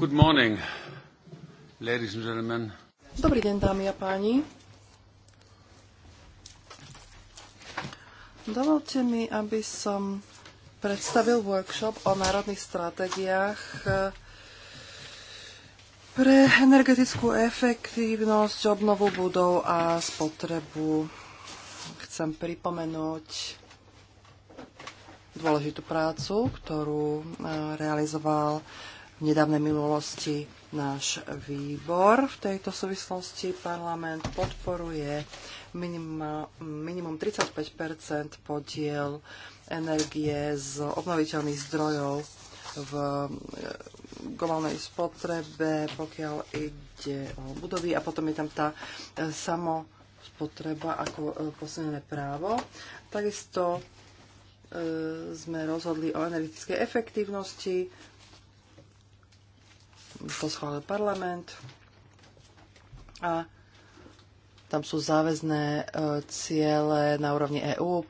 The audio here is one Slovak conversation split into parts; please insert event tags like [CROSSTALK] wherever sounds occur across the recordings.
Good morning, ladies and gentlemen. Dobrý deň, dámy a páni. Dovolte mi, aby som predstavil workshop o národných stratégiách eh, pre energetickú efektívnosť, obnovu budov a spotrebu. Chcem pripomenúť dôležitú prácu, ktorú eh, realizoval v nedávnej minulosti náš výbor. V tejto súvislosti parlament podporuje minimum 35 podiel energie z obnoviteľných zdrojov v eh, globálnej spotrebe, pokiaľ ide o budovy a potom je tam tá eh, samospotreba ako eh, posunené právo. Takisto sme rozhodli o energetickej efektívnosti, to schválil parlament. A tam sú záväzné e, ciele na úrovni EÚ,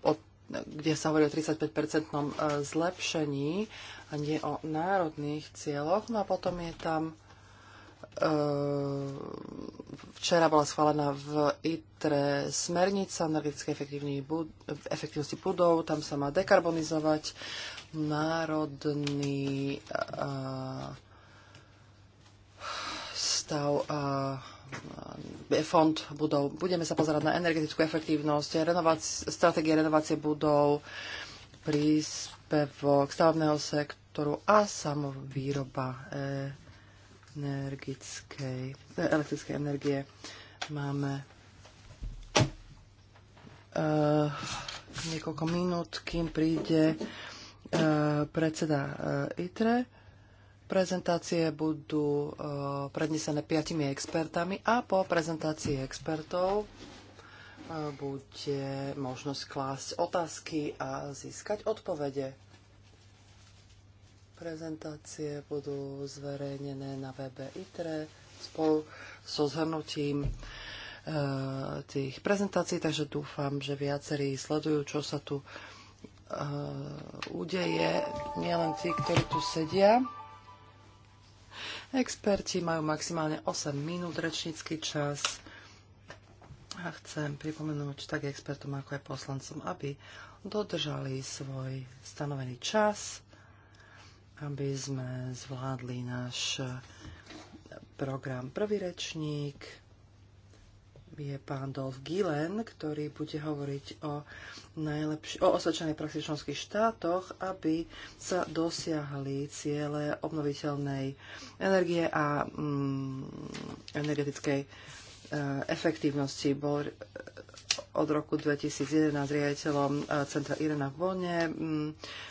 kde sa hovorí o 35-percentnom e, zlepšení a nie o národných cieľoch. No a potom je tam e, včera bola schválená v ITRE smernica energetické efektivnosti budov, tam sa má dekarbonizovať národný uh, stav fond budov. Budeme sa pozerať na energetickú efektívnosť, renováci- stratégie renovácie budov, príspevok stavebného sektoru a samovýroba e, energickej, e, elektrickej energie. Máme uh, niekoľko minút, kým príde uh, predseda uh, ITRE. Prezentácie budú eh, prednesené piatimi expertami a po prezentácii expertov eh, bude možnosť klásť otázky a získať odpovede. Prezentácie budú zverejnené na webe ITRE spolu so zhrnutím eh, tých prezentácií, takže dúfam, že viacerí sledujú, čo sa tu udeje, nielen tí, ktorí tu sedia. Experti majú maximálne 8 minút rečnícky čas. A chcem pripomenúť tak expertom ako aj poslancom, aby dodržali svoj stanovený čas, aby sme zvládli náš program Prvý rečník je pán Dolf Gilen, ktorý bude hovoriť o, najlepši- o osvedčených praxi štátoch, aby sa dosiahli ciele obnoviteľnej energie a mm, energetickej e, efektívnosti. Bol od roku 2011 riaditeľom e, Centra Irena v Bone.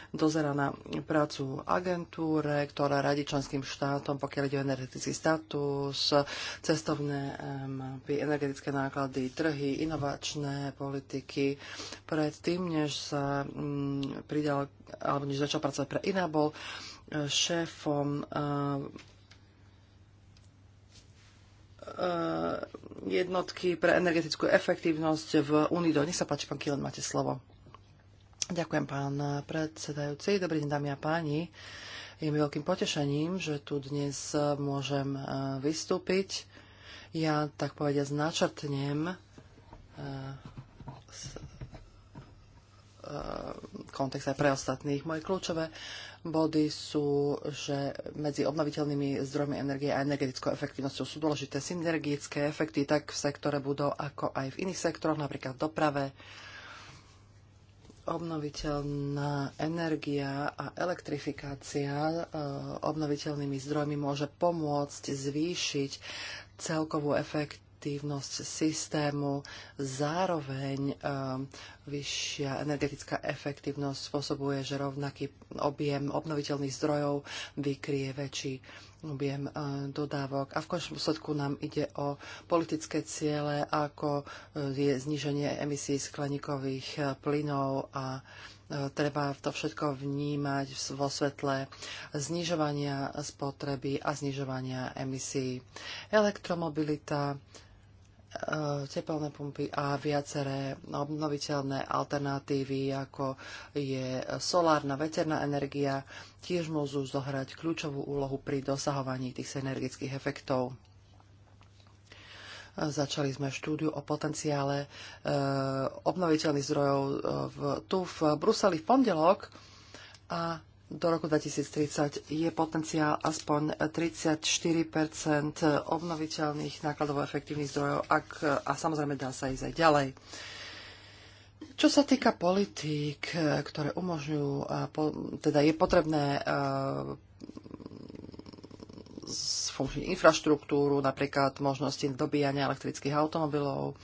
Dozera na prácu agentúre, ktorá radi členským štátom, pokiaľ ide o energetický status, cestovné mapy, energetické náklady, trhy, inovačné politiky. Predtým, než sa pridal, alebo než začal pracovať pre Inabol, e, šéfom e, Eh, jednotky pre energetickú efektívnosť v Unido. Nech sa páči, pán Kilen, máte slovo. Ďakujem, pán predsedajúci. Dobrý deň, dámy a páni. Je mi veľkým potešením, že tu dnes eh, môžem eh, vystúpiť. Ja, tak povediať, načrtnem kontext aj pre ostatných. Moje kľúčové body sú, že medzi obnoviteľnými zdrojmi energie a energetickou efektivnosťou sú dôležité synergické efekty tak v sektore budov, ako aj v iných sektoroch, napríklad v doprave. Obnoviteľná energia a elektrifikácia eh, obnoviteľnými zdrojmi môže pomôcť zvýšiť celkovú efekt efektívnosť systému, zároveň eh, vyššia energetická efektívnosť spôsobuje, že rovnaký objem obnoviteľných zdrojov vykrie väčší objem eh, dodávok. A v končnom dôsledku nám ide o politické ciele, ako eh, je zniženie emisí skleníkových plynov a treba to všetko vnímať vo svetle znižovania spotreby a znižovania emisí. Elektromobilita Eh, tepelné pumpy a viaceré obnoviteľné alternatívy, ako je solárna, veterná energia, tiež môžu zohrať kľúčovú úlohu pri dosahovaní tých synergických efektov. Začali sme štúdiu o potenciále eh, obnoviteľných zdrojov eh, v, tu v Bruseli v pondelok a do roku 2030 je potenciál aspoň 34 obnoviteľných nákladovo efektívnych zdrojov ak, a samozrejme dá sa ísť aj ďalej. Čo sa týka politík, ktoré umožňujú, teda je potrebné e, zfunkčniť infraštruktúru, napríklad možnosti dobíjania elektrických automobilov,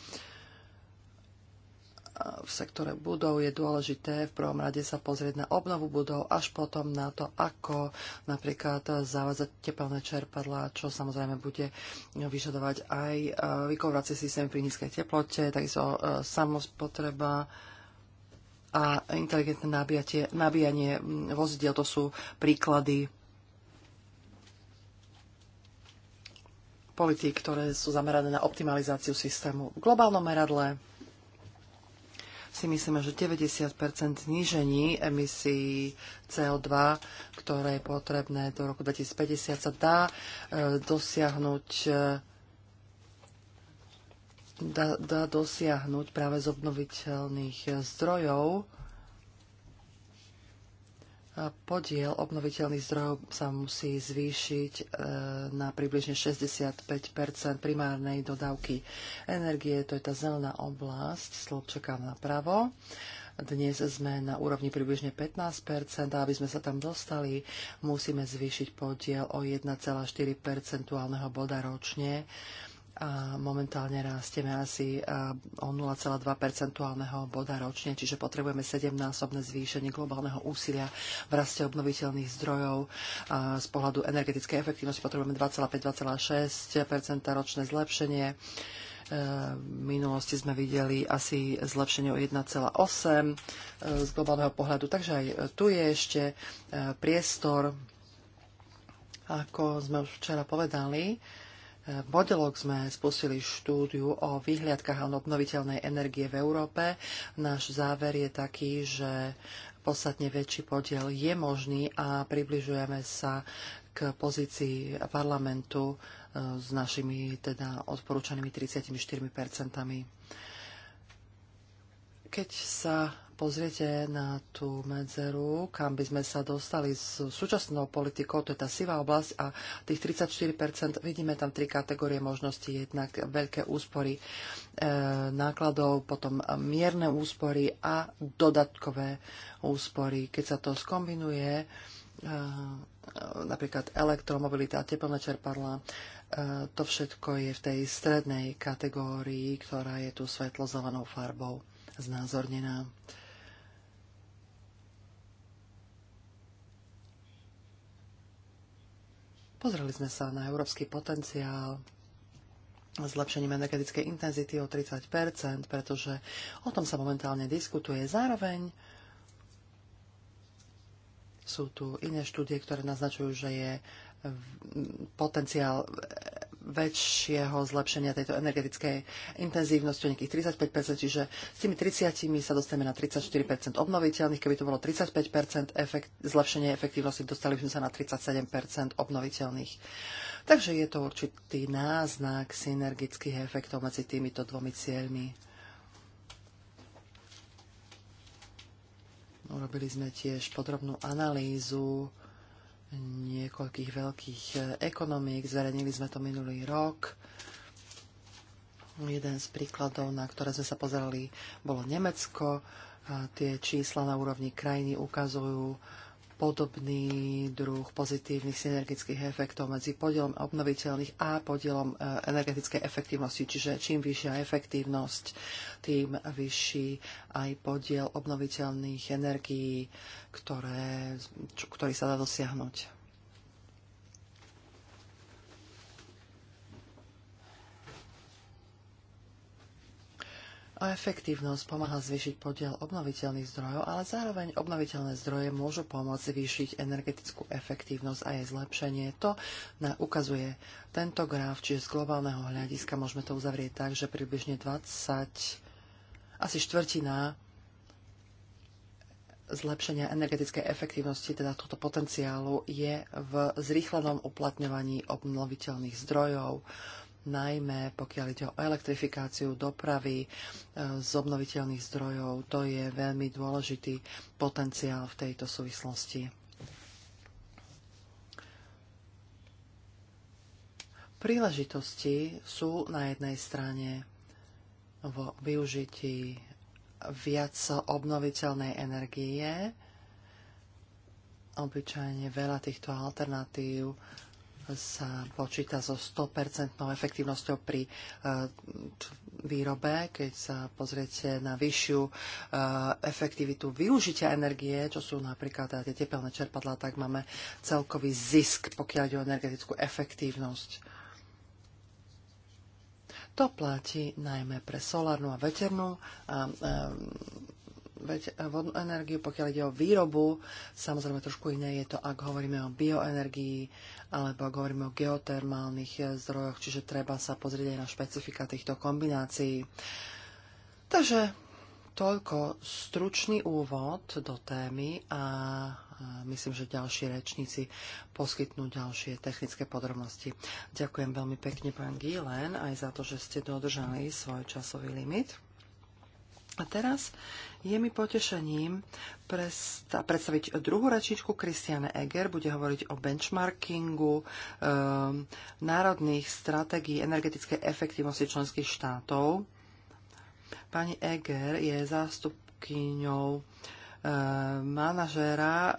v sektore budov je dôležité v prvom rade sa pozrieť na obnovu budov, až potom na to, ako napríklad zavázať tepelné čerpadlá, čo samozrejme bude vyžadovať aj e, vykovracie systém pri nízkej teplote, takisto e, samospotreba a inteligentné nabíjatie, nabíjanie vozidiel. To sú príklady politík, ktoré sú zamerané na optimalizáciu systému. V globálnom meradle si myslíme, že 90 znížení emisí CO2, ktoré je potrebné do roku 2050, sa dá e, dosiahnuť e, dá, dá dosiahnuť práve z obnoviteľných e, zdrojov Podiel obnoviteľných zdrojov sa musí zvýšiť e, na približne 65 primárnej dodávky energie. To je tá zelená oblasť, slobčekám napravo. Dnes sme na úrovni približne 15 a aby sme sa tam dostali, musíme zvýšiť podiel o 1,4 percentuálneho boda ročne a momentálne rastieme asi o 0,2 percentuálneho boda ročne, čiže potrebujeme 7-násobné zvýšenie globálneho úsilia v raste obnoviteľných zdrojov. z pohľadu energetickej efektivnosti potrebujeme 2,5-2,6 ročné zlepšenie. E, v minulosti sme videli asi zlepšenie o 1,8 e, z globálneho pohľadu, takže aj tu je ešte e, priestor, ako sme už včera povedali v modelok sme spustili štúdiu o vyhliadkách obnoviteľnej energie v Európe. Náš záver je taký, že podstatne väčší podiel je možný a približujeme sa k pozícii parlamentu e, s našimi teda odporúčanými 34 percentami. Keď sa pozriete na tú medzeru, kam by sme sa dostali s súčasnou politikou, to je tá sivá oblasť a tých 34%, vidíme tam tri kategórie možností, jednak veľké úspory e, nákladov, potom mierne úspory a dodatkové úspory. Keď sa to skombinuje, e, napríklad elektromobilita, teplné čerpadla, e, to všetko je v tej strednej kategórii, ktorá je tu svetlo zelenou farbou znázornená. Pozreli sme sa na európsky potenciál zlepšením energetickej intenzity o 30 pretože o tom sa momentálne diskutuje. Zároveň sú tu iné štúdie, ktoré naznačujú, že je potenciál väčšieho zlepšenia tejto energetickej intenzívnosti o nejakých 35%, čiže s tými 30 sa dostaneme na 34% obnoviteľných. Keby to bolo 35% efekt, zlepšenie efektívnosti, dostali by sme sa na 37% obnoviteľných. Takže je to určitý náznak synergických efektov medzi týmito dvomi cieľmi. Urobili sme tiež podrobnú analýzu niekoľkých veľkých e, ekonomík. Zverejnili sme to minulý rok. Jeden z príkladov, na ktoré sme sa pozerali, bolo Nemecko. A tie čísla na úrovni krajiny ukazujú, podobný druh pozitívnych synergických efektov medzi podielom obnoviteľných a podielom e, energetickej efektívnosti. Čiže čím vyššia efektívnosť, tým vyšší aj podiel obnoviteľných energií, ktoré, čo, ktorý sa dá dosiahnuť. a efektívnosť pomáha zvýšiť podiel obnoviteľných zdrojov, ale zároveň obnoviteľné zdroje môžu pomôcť zvýšiť energetickú efektívnosť a jej zlepšenie. To na, ukazuje tento graf, čiže z globálneho hľadiska môžeme to uzavrieť tak, že približne 20, asi štvrtina zlepšenia energetickej efektívnosti, teda tohto potenciálu, je v zrýchlenom uplatňovaní obnoviteľných zdrojov najmä pokiaľ ide o elektrifikáciu dopravy e, z obnoviteľných zdrojov. To je veľmi dôležitý potenciál v tejto súvislosti. Príležitosti sú na jednej strane vo využití viac obnoviteľnej energie. Obyčajne veľa týchto alternatív sa počíta so 100% efektívnosťou pri e, výrobe. Keď sa pozriete na vyššiu e, efektivitu využitia energie, čo sú napríklad tie tepelné čerpadlá, tak máme celkový zisk, pokiaľ ide o energetickú efektívnosť. To platí najmä pre solárnu a veternú a, e, a, vodnú energiu, pokiaľ ide o výrobu, samozrejme trošku iné je to, ak hovoríme o bioenergii, alebo ak hovoríme o geotermálnych eh, zdrojoch, čiže treba sa pozrieť aj na špecifika týchto kombinácií. Takže toľko stručný úvod do témy a myslím, že ďalší rečníci poskytnú ďalšie technické podrobnosti. Ďakujem veľmi pekne, pán Gílen, aj za to, že ste dodržali svoj časový limit. A teraz je mi potešením predstaviť druhú rečičku Kristiane Eger. Bude hovoriť o benchmarkingu e, národných stratégií energetickej efektivnosti členských štátov. Pani Eger je zástupkyňou e, manažéra e,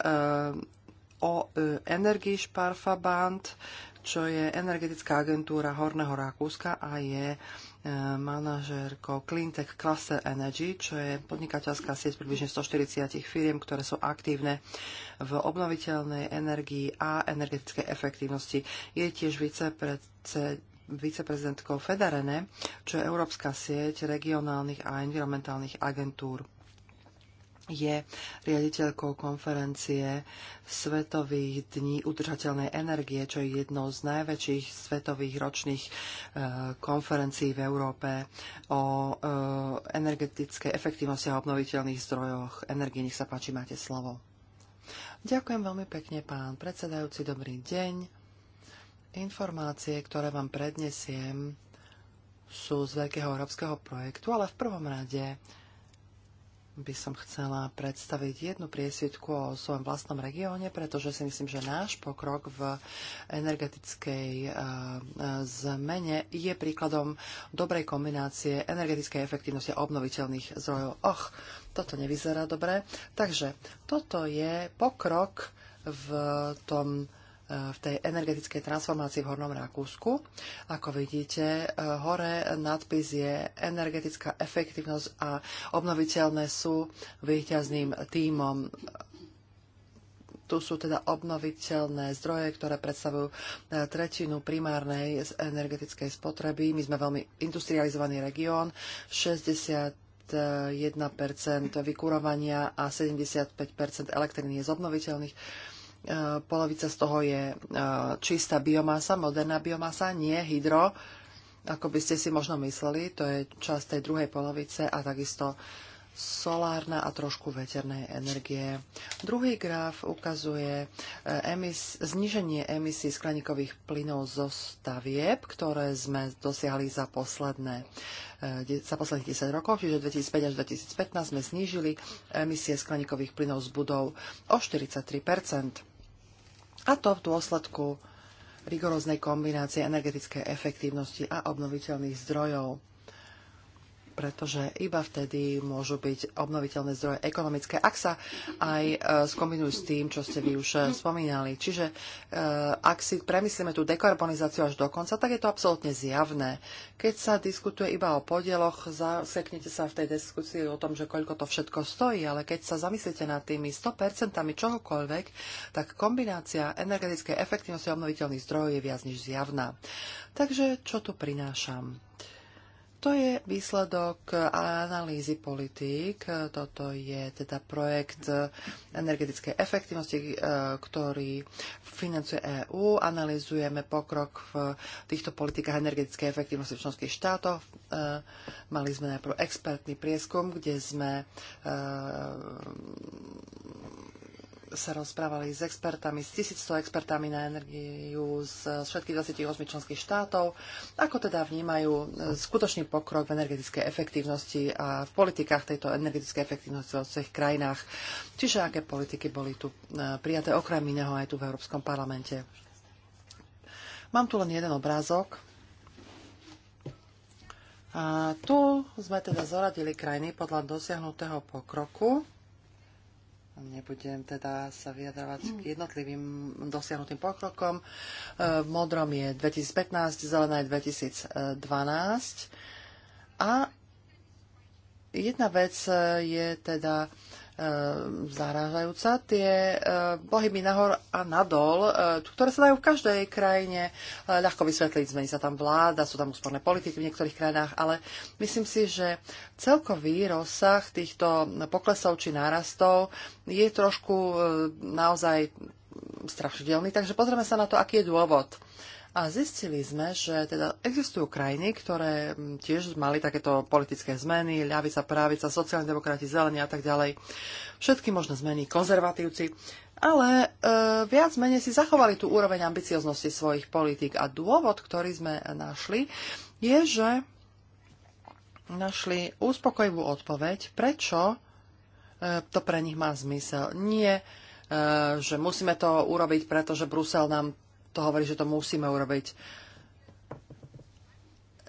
o e, Energii Sparfaband, čo je energetická agentúra Horného Rakúska a je e, manažérko Cleantech Cluster Energy, čo je podnikateľská sieť približne 140 firiem, ktoré sú aktívne v obnoviteľnej energii a energetickej efektívnosti. Je tiež viceprezidentkou Federene, čo je Európska sieť regionálnych a environmentálnych agentúr je riaditeľkou konferencie Svetových dní udržateľnej energie, čo je jednou z najväčších svetových ročných e, konferencií v Európe o e, energetickej efektivnosti a obnoviteľných zdrojoch energie. Nech sa páči, máte slovo. Ďakujem veľmi pekne, pán predsedajúci. Dobrý deň. Informácie, ktoré vám prednesiem, sú z veľkého európskeho projektu, ale v prvom rade by som chcela predstaviť jednu priesvitku o svojom vlastnom regióne, pretože si myslím, že náš pokrok v energetickej e, e, zmene je príkladom dobrej kombinácie energetickej efektivnosti a obnoviteľných zdrojov. Och, toto nevyzerá dobre. Takže toto je pokrok v tom Eh, v tej energetickej transformácii v Hornom Rakúsku. Ako vidíte, eh, hore nadpis je energetická efektivnosť a obnoviteľné sú výťazným týmom. Tu sú teda obnoviteľné zdroje, ktoré predstavujú eh, tretinu primárnej z energetickej spotreby. My sme veľmi industrializovaný región. 60 1% vykurovania a 75 elektriny je z obnoviteľných E, polovica z toho je e, čistá biomasa, moderná biomasa, nie hydro, ako by ste si možno mysleli, to je časť tej druhej polovice a takisto solárna a trošku veternej energie. Druhý graf ukazuje e, emis, zniženie emisí skleníkových plynov zo stavieb, ktoré sme dosiahli za, posledné, za posledných 10 rokov, čiže 2005 až 2015 sme znížili emisie skleníkových plynov z budov o 43 a to v dôsledku rigoróznej kombinácie energetickej efektívnosti a obnoviteľných zdrojov pretože iba vtedy môžu byť obnoviteľné zdroje ekonomické, ak sa aj e, skombinujú s tým, čo ste vy už e, spomínali. Čiže e, ak si premyslíme tú dekarbonizáciu až do konca, tak je to absolútne zjavné. Keď sa diskutuje iba o podieloch, zaseknete sa v tej diskusii o tom, že koľko to všetko stojí, ale keď sa zamyslíte nad tými 100% čohokoľvek, tak kombinácia energetickej efektivnosti obnoviteľných zdrojov je viac než zjavná. Takže čo tu prinášam? To je výsledok analýzy politík. Toto je teda projekt energetickej efektivnosti, e, ktorý financuje EÚ. Analizujeme pokrok v týchto politikách energetickej efektivnosti v členských štátoch. E, mali sme najprv expertný prieskum, kde sme e, sa rozprávali s expertami, s 1100 expertami na energiu z všetkých 28 členských štátov, ako teda vnímajú e, skutočný pokrok v energetickej efektívnosti a v politikách tejto energetickej efektívnosti v svojich krajinách. Čiže aké politiky boli tu e, prijaté okrem iného aj tu v Európskom parlamente. Mám tu len jeden obrázok. A tu sme teda zoradili krajiny podľa dosiahnutého pokroku Nebudem teda sa vyjadrovať k jednotlivým dosiahnutým pokrokom. E, v modrom je 2015, zelená je 2012. A jedna vec e, je teda Ehm, zarážajúca. Tie ehm, pohyby nahor a nadol, ehm, ktoré sa dajú v každej krajine ľahko vysvetliť, zmení sa tam vláda, sú tam úsporné politiky v niektorých krajinách, ale myslím si, že celkový rozsah týchto poklesov či nárastov je trošku naozaj strašidelný, takže pozrieme sa na to, aký je dôvod. A zistili sme, že teda existujú krajiny, ktoré mm, tiež mali takéto politické zmeny, ľavica, právica, sociálni demokrati, zelení a tak ďalej. Všetky možné zmeny, konzervatívci. Ale e, viac menej si zachovali tú úroveň ambicioznosti svojich politík. A dôvod, ktorý sme našli, je, že našli uspokojivú odpoveď, prečo e, to pre nich má zmysel. Nie, e, že musíme to urobiť, pretože Brusel nám to hovorí, že to musíme urobiť.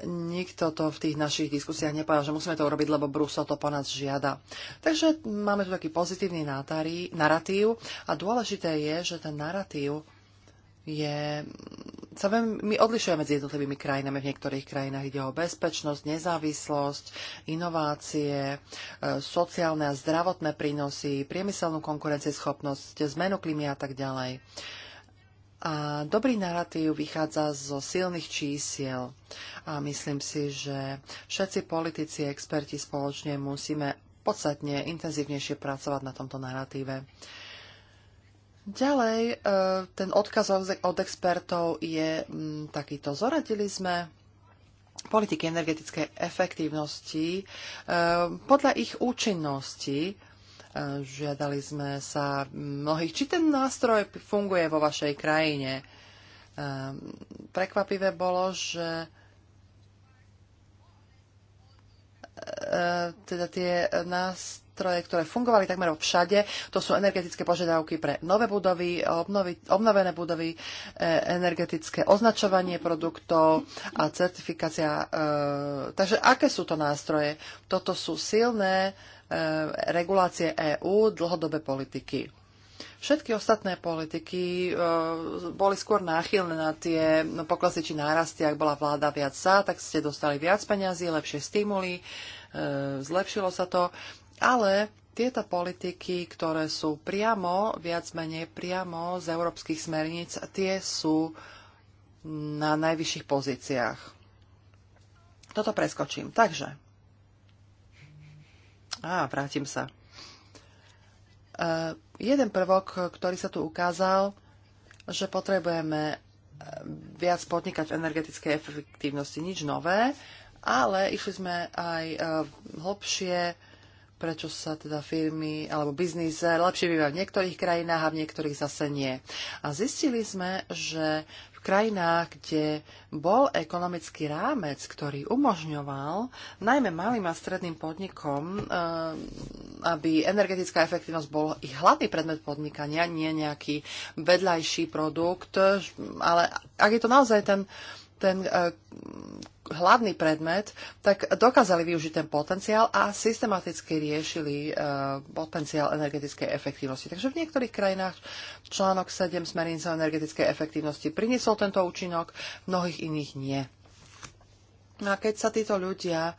Nikto to v tých našich diskusiách nepovedal, že musíme to urobiť, lebo Brusel to po nás žiada. Takže máme tu taký pozitívny nátarí, narratív a dôležité je, že ten narratív je, sa my odlišujeme medzi jednotlivými krajinami. V niektorých krajinách ide o bezpečnosť, nezávislosť, inovácie, e, sociálne a zdravotné prínosy, priemyselnú konkurencieschopnosť, zmenu klímy a tak ďalej. A dobrý narratív vychádza zo silných čísiel. A myslím si, že všetci politici, experti spoločne musíme podstatne intenzívnejšie pracovať na tomto narratíve. Ďalej, e, ten odkaz od expertov je takýto. Zoradili sme politiky energetickej efektívnosti e, podľa ich účinnosti Žiadali sme sa mnohých, či ten nástroj funguje vo vašej krajine. Ehm, prekvapivé bolo, že E, teda tie nástroje, ktoré fungovali takmer všade. To sú energetické požiadavky pre nové budovy, obnovy, obnovené budovy, e, energetické označovanie produktov a certifikácia. E, takže aké sú to nástroje? Toto sú silné regulácie EÚ, dlhodobé politiky. Všetky ostatné politiky eh, boli skôr náchylné na tie no, poklasy či nárasty. Ak bola vláda viac sa, tak ste dostali viac peňazí, lepšie stimuly, eh, zlepšilo sa to. Ale tieto politiky, ktoré sú priamo, viac menej priamo z európskych smerníc, tie sú na najvyšších pozíciách. Toto preskočím. Takže. Á, vrátim sa Eh, jeden prvok, ktorý sa tu ukázal, že potrebujeme eh, viac podnikať v energetickej efektívnosti, nič nové, ale išli sme aj eh, hlbšie, prečo sa teda firmy alebo biznis lepšie býva v niektorých krajinách a v niektorých zase nie. A zistili sme, že v krajinách, kde bol ekonomický rámec, ktorý umožňoval najmä malým a stredným podnikom, e, aby energetická efektivnosť bol ich hlavný predmet podnikania, nie nejaký vedľajší produkt, ale ak je to naozaj ten, ten e, hlavný predmet, tak dokázali využiť ten potenciál a systematicky riešili e, potenciál energetickej efektívnosti. Takže v niektorých krajinách článok 7 smernice o energetickej efektívnosti priniesol tento účinok, v mnohých iných nie. No a keď sa títo ľudia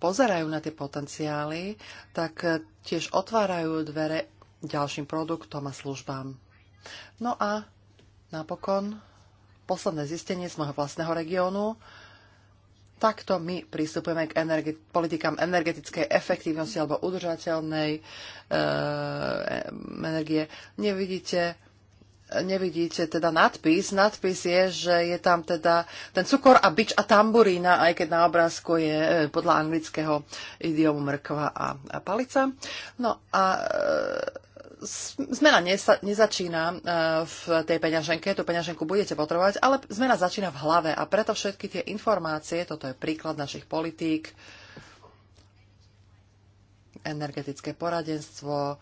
pozerajú na tie potenciály, tak e, tiež otvárajú dvere ďalším produktom a službám. No a napokon posledné zistenie z môjho vlastného regiónu Takto my pristupujeme k energe- politikám energetickej efektívnosti alebo udržateľnej e, energie. Nevidíte nevidíte teda nadpis. Nadpis je, že je tam teda ten cukor a bič a tamburína, aj keď na obrázku je eh, podľa anglického idiomu mrkva a, a palica. No a e, zmena nesa, nezačína e, v tej peňaženke, tú peňaženku budete potrebovať, ale zmena začína v hlave a preto všetky tie informácie, toto je príklad našich politík, energetické poradenstvo,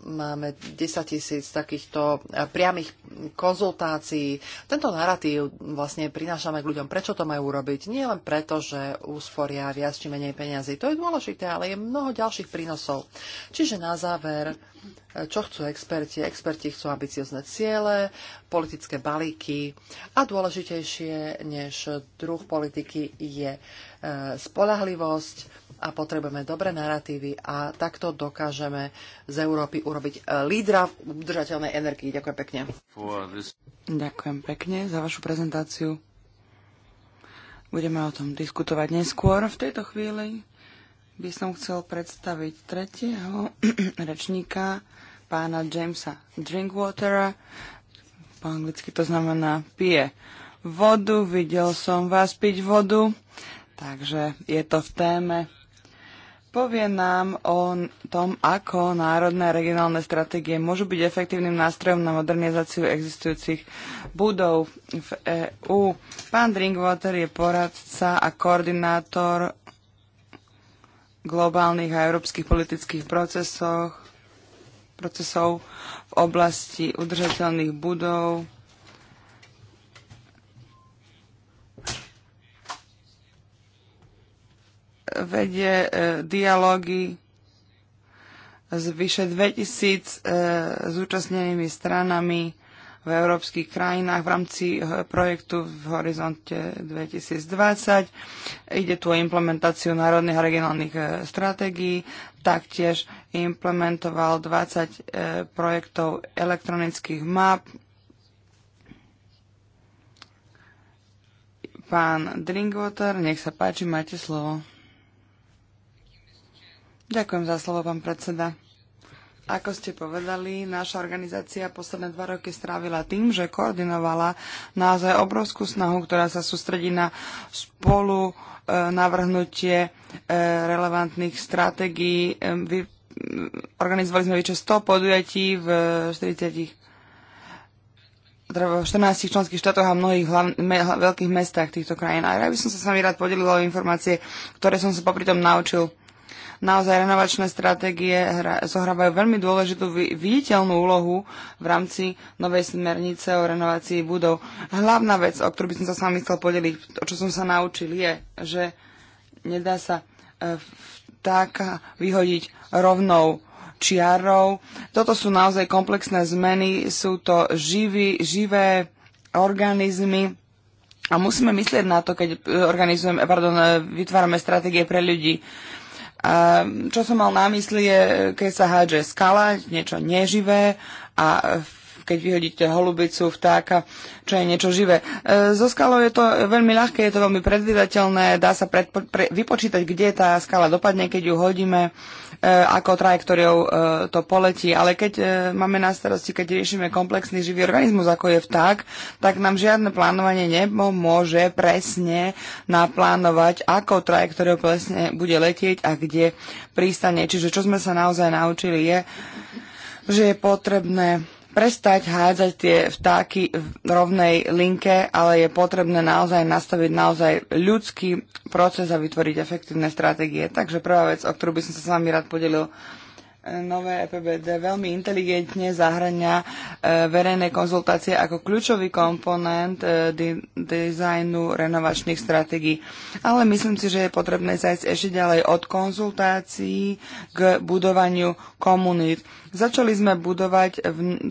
Máme 10 tisíc takýchto eh, priamých konzultácií. Tento narratív vlastne prinášame k ľuďom. Prečo to majú urobiť? Nie len preto, že úsporia viac či menej peniazy. To je dôležité, ale je mnoho ďalších prínosov. Čiže na záver, eh, čo chcú experti? Experti chcú ambiciozne ciele, politické balíky a dôležitejšie než druh politiky je eh, spolahlivosť, a potrebujeme dobré narratívy a takto dokážeme z Európy urobiť e, lídra v udržateľnej energii. Ďakujem pekne. Ďakujem pekne za vašu prezentáciu. Budeme o tom diskutovať neskôr. V tejto chvíli by som chcel predstaviť tretieho [CLEARS THROAT] rečníka, pána Jamesa Drinkwatera. Po anglicky to znamená pije vodu. Videl som vás piť vodu, takže je to v téme povie nám o tom, ako národné a regionálne stratégie môžu byť efektívnym nástrojom na modernizáciu existujúcich budov v EÚ. Pán Drinkwater je poradca a koordinátor globálnych a európskych politických procesov v oblasti udržateľných budov vedie e, dialógy s vyše 2000 e, zúčastnenými stranami v európskych krajinách v rámci e, projektu v horizonte 2020. Ide tu o implementáciu národných a regionálnych stratégií. Taktiež implementoval 20 projektov elektronických map. Pán Drinkwater, nech sa páči, máte slovo. Ďakujem za slovo, pán predseda. Ako ste povedali, naša organizácia posledné dva roky strávila tým, že koordinovala naozaj obrovskú snahu, ktorá sa sústredí na spolu e, navrhnutie e, relevantných stratégií. E, organizovali sme vyše 100 podujatí v 40 teda v 14 členských štátoch a mnohých me- veľkých mestách týchto krajín. A ja by som sa s vami rád podelila o informácie, ktoré som sa popri tom naučil Naozaj renovačné stratégie zohrávajú veľmi dôležitú viditeľnú úlohu v rámci novej smernice o renovácii budov. Hlavná vec, o ktorú by som sa s vami chcel podeliť, o čo som sa naučil, je, že nedá sa e, tak vyhodiť rovnou čiarou. Toto sú naozaj komplexné zmeny, sú to živý, živé organizmy a musíme myslieť na to, keď e, organizujeme, pardon, e, vytvárame stratégie pre ľudí. A čo som mal na mysli je, keď sa hádže skala, niečo neživé a keď vyhodíte holubicu, vtáka, čo je niečo živé. E, skalou je to veľmi ľahké, je to veľmi predvydateľné, dá sa predpo, pre, vypočítať, kde tá skala dopadne, keď ju hodíme. E, ako trajektóriou e, to poletí. Ale keď e, máme na starosti, keď riešime komplexný živý organizmus, ako je vták, tak nám žiadne plánovanie nepomôže presne naplánovať, ako trajektóriou presne bude letieť a kde pristane. Čiže čo sme sa naozaj naučili je, že je potrebné prestať hádzať tie vtáky v rovnej linke, ale je potrebné naozaj nastaviť naozaj ľudský proces a vytvoriť efektívne stratégie. Takže prvá vec, o ktorú by som sa s vami rád podelil, nové EPBD veľmi inteligentne zahrania e, verejné konzultácie ako kľúčový komponent e, dizajnu renovačných stratégií. Ale myslím si, že je potrebné zajsť ešte ďalej od konzultácií k budovaniu komunít. Začali sme budovať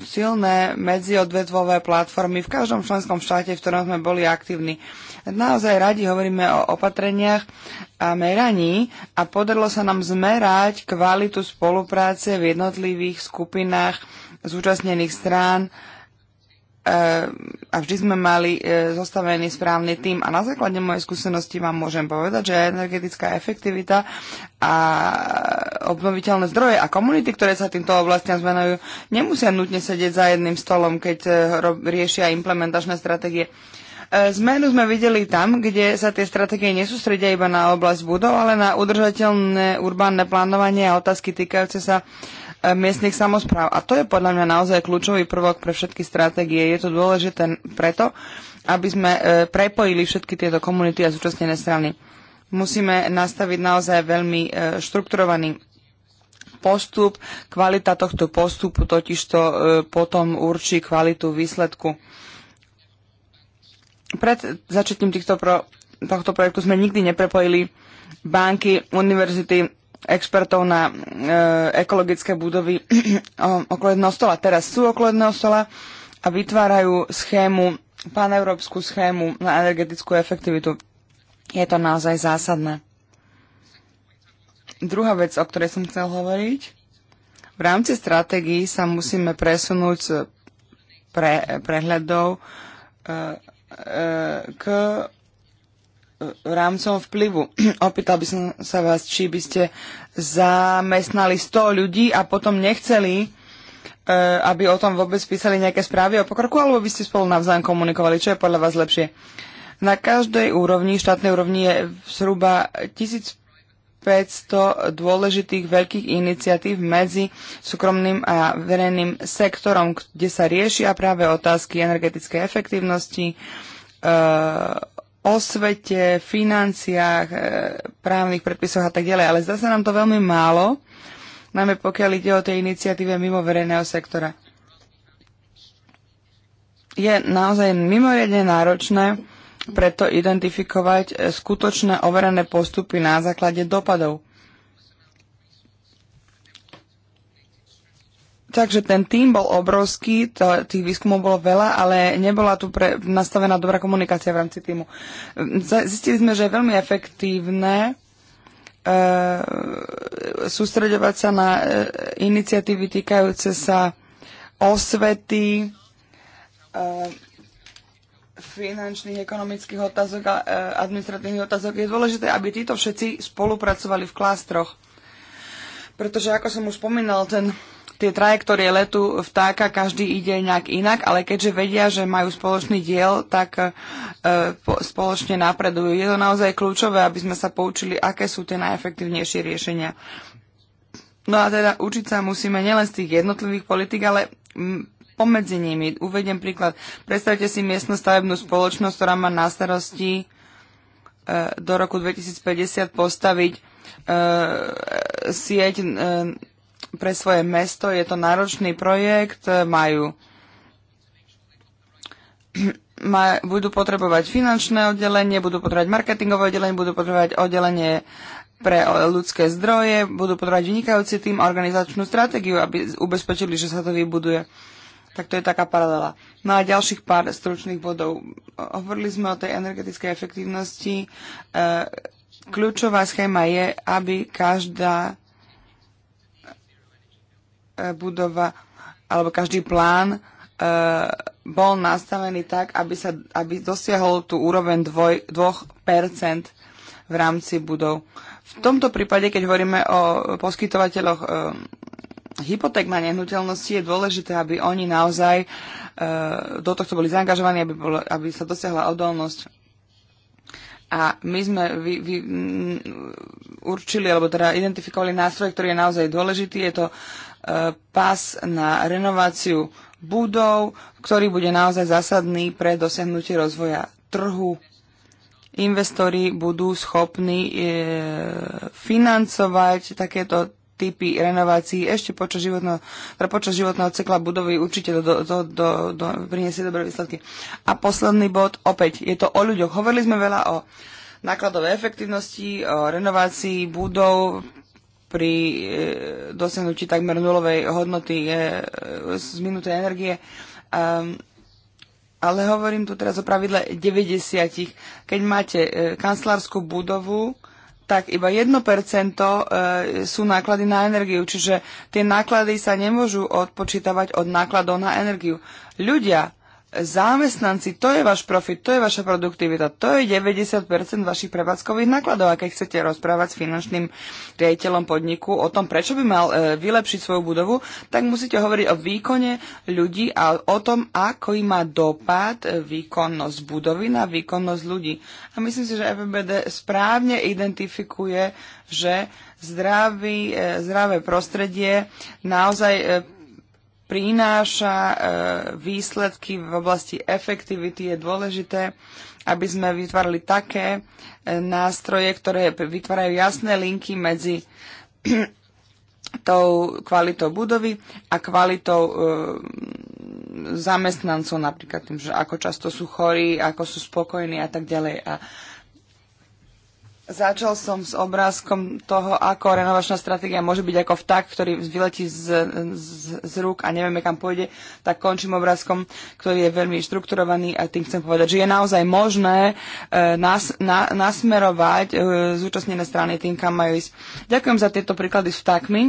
silné medziodvetvové platformy v každom členskom štáte, v ktorom sme boli aktívni. Naozaj radi hovoríme o opatreniach a meraní a podarilo sa nám zmerať kvalitu spolupráce v jednotlivých skupinách zúčastnených strán e, a vždy sme mali e, zostavený správny tým a na základe mojej skúsenosti vám môžem povedať, že energetická efektivita a obnoviteľné zdroje a komunity, ktoré sa týmto oblastiam zmenujú, nemusia nutne sedieť za jedným stolom, keď e, riešia implementačné stratégie. E, zmenu sme videli tam, kde sa tie stratégie nesústredia iba na oblasť budov, ale na udržateľné urbánne plánovanie a otázky týkajúce sa e, miestnych samozpráv. A to je podľa mňa naozaj kľúčový prvok pre všetky stratégie. Je to dôležité preto, aby sme e, prepojili všetky tieto komunity a súčasnené strany. Musíme nastaviť naozaj veľmi štrukturovaný postup. Kvalita tohto postupu totiž to potom určí kvalitu výsledku. Pred začetím týchto pro, tohto projektu sme nikdy neprepojili banky, univerzity, expertov na e, ekologické budovy [CLEARS THROAT] okolo jedného stola. Teraz sú okolo jedného stola a vytvárajú schému, paneurópsku schému na energetickú efektivitu. Je to naozaj zásadné. Druhá vec, o ktorej som chcel hovoriť. V rámci stratégií sa musíme presunúť z pre, prehľadov e, E, k rámcom vplyvu. [CLEARS THROAT] Opýtal by som sa vás, či by ste zamestnali 100 ľudí a potom nechceli, e, aby o tom vôbec písali nejaké správy o pokroku, alebo by ste spolu navzájom komunikovali, čo je podľa vás lepšie. Na každej úrovni, štátnej úrovni je zhruba 1000 500 dôležitých veľkých iniciatív medzi súkromným a verejným sektorom, kde sa riešia práve otázky energetickej efektívnosti, e, o svete, financiách, e, právnych predpisoch a tak ďalej. Ale zdá sa nám to veľmi málo, najmä pokiaľ ide o tie iniciatíve mimo verejného sektora. Je naozaj mimoriadne náročné preto identifikovať e, skutočné overené postupy na základe dopadov. Takže ten tým bol obrovský, to, tých výskumov bolo veľa, ale nebola tu pre, nastavená dobrá komunikácia v rámci týmu. Ehm, zistili sme, že je veľmi efektívne e, sústreďovať sa na e, iniciatívy týkajúce sa osvety, e, finančných, ekonomických otázok a e, administratívnych otázok, je dôležité, aby títo všetci spolupracovali v klástroch. Pretože, ako som už spomínal, ten, tie trajektórie letu vtáka, každý ide nejak inak, ale keďže vedia, že majú spoločný diel, tak e, po, spoločne napredujú. Je to naozaj kľúčové, aby sme sa poučili, aké sú tie najefektívnejšie riešenia. No a teda učiť sa musíme nielen z tých jednotlivých politik, ale obmedzenými. Uvediem príklad. Predstavte si miestnu stavebnú spoločnosť, ktorá má na starosti e, do roku 2050 postaviť e, sieť e, pre svoje mesto. Je to náročný projekt, majú [CLEARS THROAT] ma, budú potrebovať finančné oddelenie, budú potrebovať marketingové oddelenie, budú potrebovať oddelenie pre ľudské zdroje, budú potrebovať vynikajúci tým organizačnú stratégiu, aby ubezpečili, že sa to vybuduje tak to je taká paralela. No a ďalších pár stručných bodov. Hovorili sme o tej energetickej efektívnosti. E, kľúčová schéma je, aby každá e, budova alebo každý plán e, bol nastavený tak, aby, sa, aby dosiahol tú úroveň 2% v rámci budov. V tomto prípade, keď hovoríme o poskytovateľoch e, hypoték na nehnuteľnosti je dôležité, aby oni naozaj e, do tohto boli zaangažovaní, aby, bol, aby sa dosiahla odolnosť. A my sme vy, vy, určili, alebo teda identifikovali nástroj, ktorý je naozaj dôležitý. Je to e, pas na renováciu budov, ktorý bude naozaj zásadný pre dosiahnutie rozvoja trhu. Investori budú schopní e, financovať takéto typy renovácií ešte počas životného, teda počas životného cykla budovy určite do, do, do, do, do, priniesie dobré výsledky. A posledný bod, opäť, je to o ľuďoch. Hovorili sme veľa o nákladovej efektivnosti, o renovácii budov pri e, dosiahnutí takmer nulovej hodnoty e, z minutej energie. Um, ale hovorím tu teraz o pravidle 90. Keď máte e, kancelárskú budovu, tak iba 1% e, sú náklady na energiu. Čiže tie náklady sa nemôžu odpočítavať od nákladov na energiu. Ľudia zamestnanci, to je váš profit, to je vaša produktivita, to je 90% vašich prevádzkových nákladov. A keď chcete rozprávať s finančným riaditeľom podniku o tom, prečo by mal e, vylepšiť svoju budovu, tak musíte hovoriť o výkone ľudí a o tom, im má dopad e, výkonnosť budovy na výkonnosť ľudí. A myslím si, že FBD správne identifikuje, že zdravý, e, zdravé prostredie naozaj prináša e, výsledky v oblasti efektivity, je dôležité, aby sme vytvárali také e, nástroje, ktoré vytvárajú jasné linky medzi [CLEARS THROAT] tou kvalitou budovy a kvalitou e, zamestnancov, napríklad tým, že ako často sú chorí, ako sú spokojní a tak ďalej. A Začal som s obrázkom toho, ako renovačná stratégia môže byť ako vták, ktorý vyletí z, z, z rúk a nevieme, kam pôjde. Tak končím obrázkom, ktorý je veľmi štrukturovaný a tým chcem povedať, že je naozaj možné e, nas, na, nasmerovať e, zúčastnené strany tým, kam majú ísť. Ďakujem za tieto príklady s vtákmi.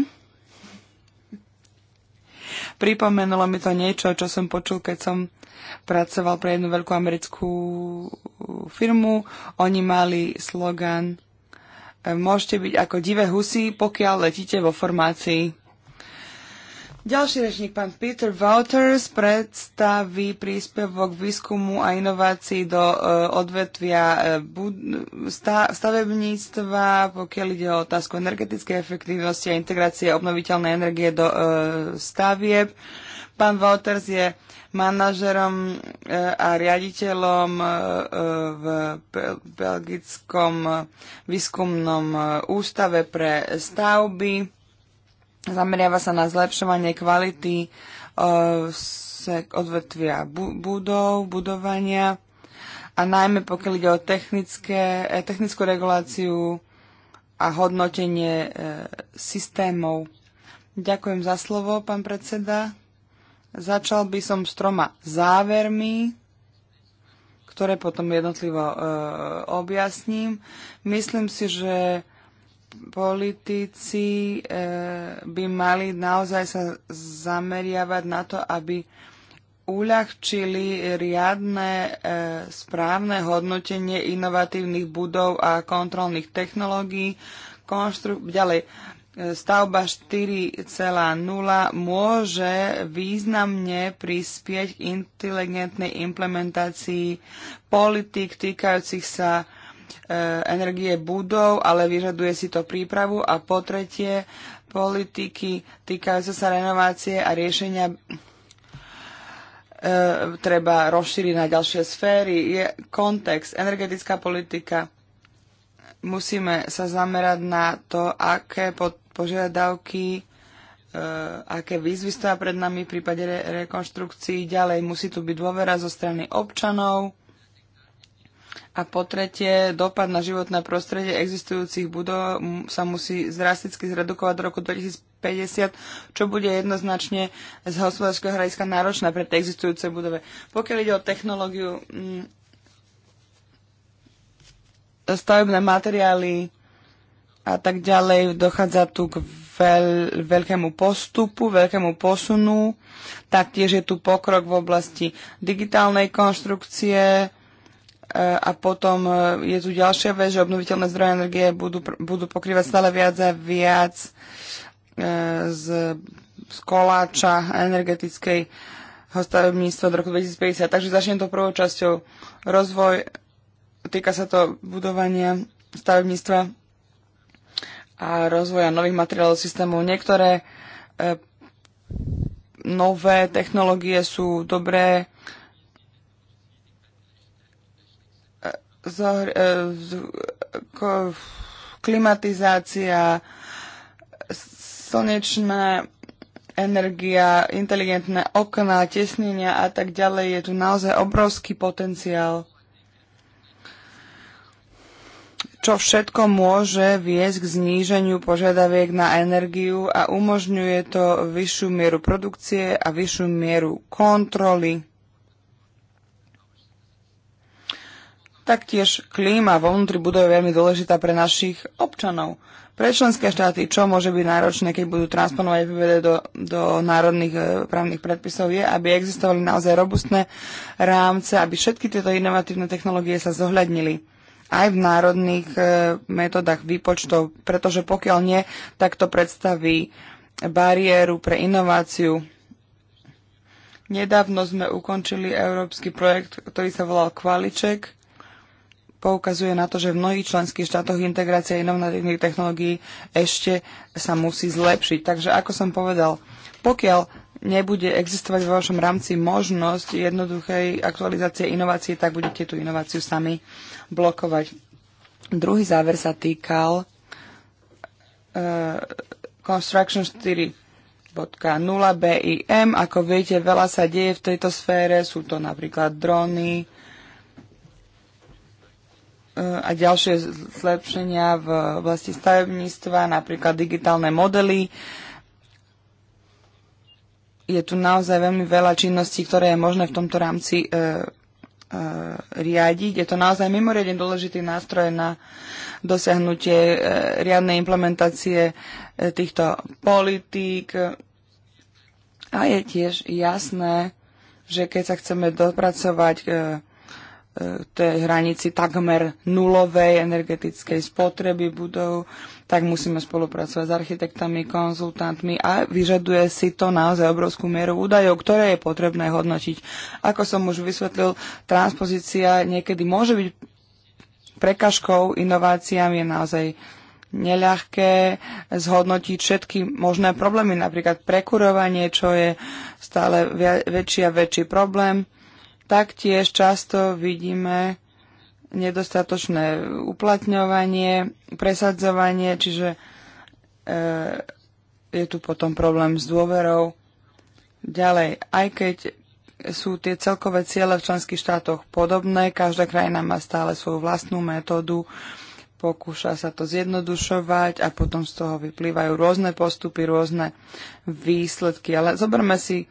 Pripomenulo mi to niečo, čo som počul, keď som pracoval pre jednu veľkú americkú firmu. Oni mali slogan e, Môžete byť ako divé husy, pokiaľ letíte vo formácii. Ďalší rečník, pán Peter Wouters, predstaví príspevok výskumu a inovácií do e, odvetvia e, stavebníctva, pokiaľ ide o otázku energetickej efektívnosti a integrácie obnoviteľnej energie do stavieb. Pán Walters je manažerom e, a riaditeľom e, e, v Belgickom výskumnom ústave pre stavby. Zameriava sa na zlepšovanie kvality odvetvia budov, budovania a najmä pokiaľ ide o technické, technickú reguláciu a hodnotenie systémov. Ďakujem za slovo, pán predseda. Začal by som s troma závermi, ktoré potom jednotlivo e, objasním. Myslím si, že politici e, by mali naozaj sa zameriavať na to, aby uľahčili riadne e, správne hodnotenie inovatívnych budov a kontrolných technológií, konštru- ďalej stavba 4.0 môže významne prispieť k inteligentnej implementácii politik týkajúcich sa e, energie budov, ale vyžaduje si to prípravu. A po tretie, politiky týkajúce sa renovácie a riešenia e, treba rozšíriť na ďalšie sféry. Je kontext, energetická politika, musíme sa zamerať na to, aké požiadavky, e, aké výzvy stoja pred nami v prípade re- rekonštrukcií. Ďalej musí tu byť dôvera zo strany občanov. A po tretie, dopad na životné prostredie existujúcich budov sa musí drasticky zredukovať do roku 2050, čo bude jednoznačne z hospodárskeho hľadiska náročné pre tie existujúce budove. Pokiaľ ide o technológiu, mm, stavebné materiály a tak ďalej. Dochádza tu k veľ, veľkému postupu, veľkému posunu. Taktiež je tu pokrok v oblasti digitálnej konštrukcie e, a potom e, je tu ďalšia vec, že obnoviteľné zdroje energie budú, budú pokrývať stále viac a viac e, z, z koláča energetickej stavebníctva do roku 2050. Takže začnem to prvou časťou rozvoj týka sa to budovania stavebníctva a rozvoja nových materiálov systémov. Niektoré e, nové technológie sú dobré e, zohr, e, ko, klimatizácia, slnečná energia, inteligentné okná, tesnenia a tak ďalej. Je tu naozaj obrovský potenciál čo všetko môže viesť k zníženiu požiadaviek na energiu a umožňuje to vyššiu mieru produkcie a vyššiu mieru kontroly. Taktiež klíma vo vnútri budovy je veľmi dôležitá pre našich občanov. Pre členské štáty, čo môže byť náročné, keď budú transponovať PVD do, do národných e, právnych predpisov, je, aby existovali naozaj robustné rámce, aby všetky tieto inovatívne technológie sa zohľadnili aj v národných e, metodách výpočtov, pretože pokiaľ nie, tak to predstaví bariéru pre inováciu. Nedávno sme ukončili európsky projekt, ktorý sa volal Kvaliček. Poukazuje na to, že v mnohých členských štátoch integrácia inovatívnych technológií ešte sa musí zlepšiť. Takže ako som povedal, pokiaľ nebude existovať vo vašom rámci možnosť jednoduchej aktualizácie inovácie, tak budete tú inováciu sami blokovať. Druhý záver sa týkal uh, Construction 4.0 BIM. Ako viete, veľa sa deje v tejto sfére. Sú to napríklad drony eh, a ďalšie zlepšenia v oblasti stavebníctva, napríklad digitálne modely. Uh, je tu naozaj veľmi veľa činností, ktoré je možné v tomto rámci e, e, riadiť. Je to naozaj mimoriadne dôležitý nástroj na dosiahnutie e, riadnej implementácie e, týchto politík. A je tiež jasné, že keď sa chceme dopracovať k e, e, tej hranici takmer nulovej energetickej spotreby budov, tak musíme spolupracovať s architektami, konzultantmi a vyžaduje si to naozaj obrovskú mieru údajov, ktoré je potrebné hodnotiť. Ako som už vysvetlil, transpozícia niekedy môže byť prekažkou inováciám, je naozaj neľahké zhodnotiť všetky možné problémy, napríklad prekurovanie, čo je stále väčší a väčší problém. Taktiež často vidíme, nedostatočné uplatňovanie, presadzovanie, čiže e, je tu potom problém s dôverou. Ďalej, aj keď sú tie celkové ciele v členských štátoch podobné, každá krajina má stále svoju vlastnú metódu, pokúša sa to zjednodušovať a potom z toho vyplývajú rôzne postupy, rôzne výsledky. Ale zoberme si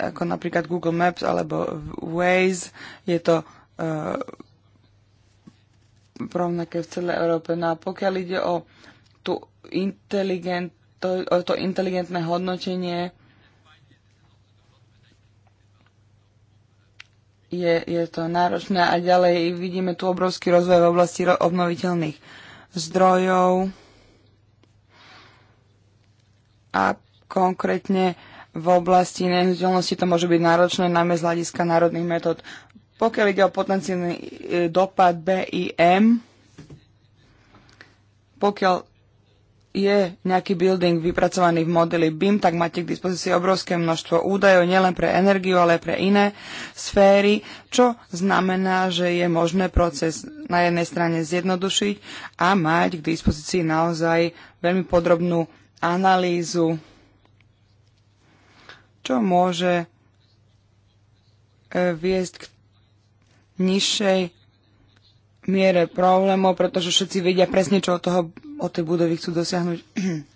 ako napríklad Google Maps alebo Waze, je to e, rovnaké v celej Európe. No a pokiaľ ide o, tú inteligent, to, o to inteligentné hodnotenie, je, je to náročné a ďalej vidíme tu obrovský rozvoj v oblasti obnoviteľných zdrojov a konkrétne v oblasti nehnuteľnosti to môže byť náročné najmä z hľadiska národných metód. Pokiaľ ide o potenciálny e, dopad BIM, pokiaľ je nejaký building vypracovaný v modeli BIM, tak máte k dispozícii obrovské množstvo údajov, nielen pre energiu, ale pre iné sféry, čo znamená, že je možné proces na jednej strane zjednodušiť a mať k dispozícii naozaj veľmi podrobnú analýzu, čo môže e, viesť k nižšej miere problémov, pretože všetci vedia presne, čo od, toho, od tej budovy chcú dosiahnuť. [CLEARS THROAT]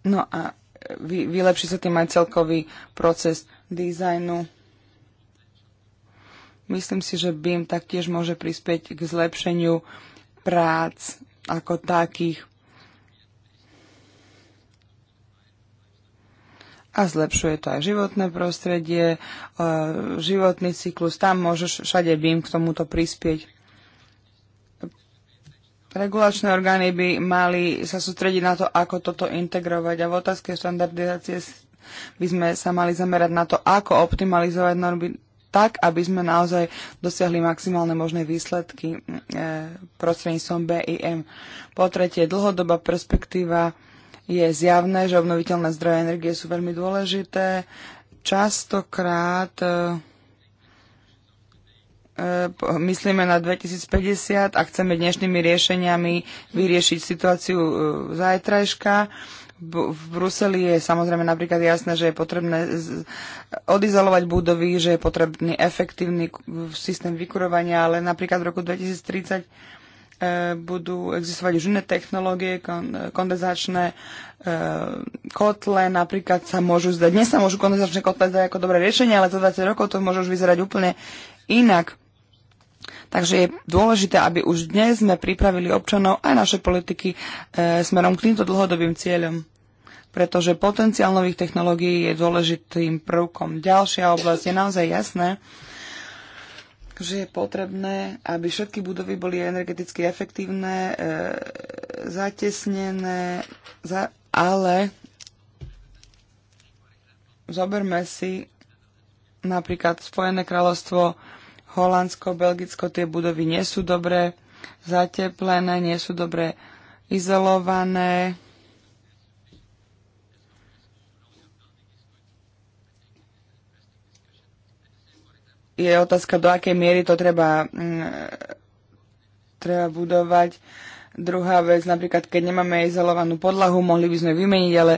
No a vy, vylepší sa tým aj celkový proces dizajnu. Myslím si, že BIM taktiež môže prispieť k zlepšeniu prác ako takých. a zlepšuje to aj životné prostredie, e, životný cyklus. Tam môžeš všade BIM k tomuto prispieť. Regulačné orgány by mali sa sústrediť na to, ako toto integrovať a v otázke štandardizácie by sme sa mali zamerať na to, ako optimalizovať normy tak, aby sme naozaj dosiahli maximálne možné výsledky mm, e, prostredníctvom BIM. Po tretie, dlhodobá perspektíva je zjavné, že obnoviteľné zdroje energie sú veľmi dôležité. Častokrát e, myslíme na 2050 a chceme dnešnými riešeniami vyriešiť situáciu e, zajtrajška. V Bruseli je samozrejme napríklad jasné, že je potrebné odizolovať budovy, že je potrebný efektívny systém vykurovania, ale napríklad v roku 2030 E, budú existovať už iné technológie, e, kondenzačné e, kotle napríklad sa môžu zdať, dnes sa môžu kondenzačné kotle zdať ako dobré riešenie, ale za 20 rokov to môže už vyzerať úplne inak. Takže je dôležité, aby už dnes sme pripravili občanov aj naše politiky e, smerom k týmto dlhodobým cieľom pretože potenciál nových technológií je dôležitým prvkom. Ďalšia oblasť je naozaj jasné, že je potrebné, aby všetky budovy boli energeticky efektívne, e, zatesnené, za, ale zoberme si napríklad Spojené kráľovstvo, Holandsko, Belgicko, tie budovy nie sú dobre zateplené, nie sú dobre izolované. je otázka, do akej miery to treba, mm, treba budovať. Druhá vec, napríklad, keď nemáme izolovanú podlahu, mohli by sme vymeniť, ale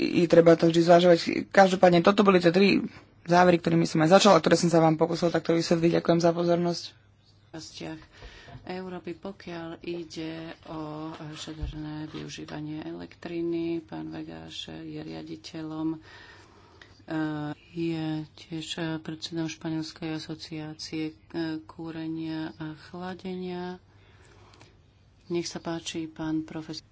e, treba to vždy zvažovať. Každopádne, toto boli tie tri závery, ktorými som aj začala, ktoré som sa vám pokusil takto vysvetliť. Ďakujem za pozornosť. Európy, pokiaľ ide o šetrné využívanie elektriny. Pán Vegáš je riaditeľom je tiež predsedom Španielskej asociácie e, kúrenia a chladenia. Nech sa páči, pán profesor.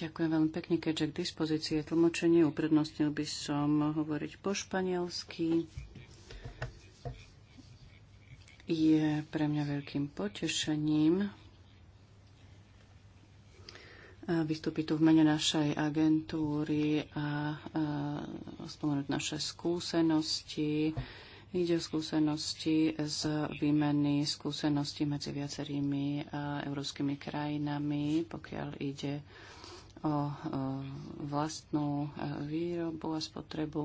Ďakujem veľmi pekne, keďže k dispozícii je tlmočenie. Uprednostnil by som hovoriť po španielsky. Je pre mňa veľkým potešením vystúpiť tu v mene našej agentúry a spomenúť naše skúsenosti. Ide o skúsenosti z výmeny skúseností medzi viacerými európskymi krajinami, pokiaľ ide o vlastnú výrobu a spotrebu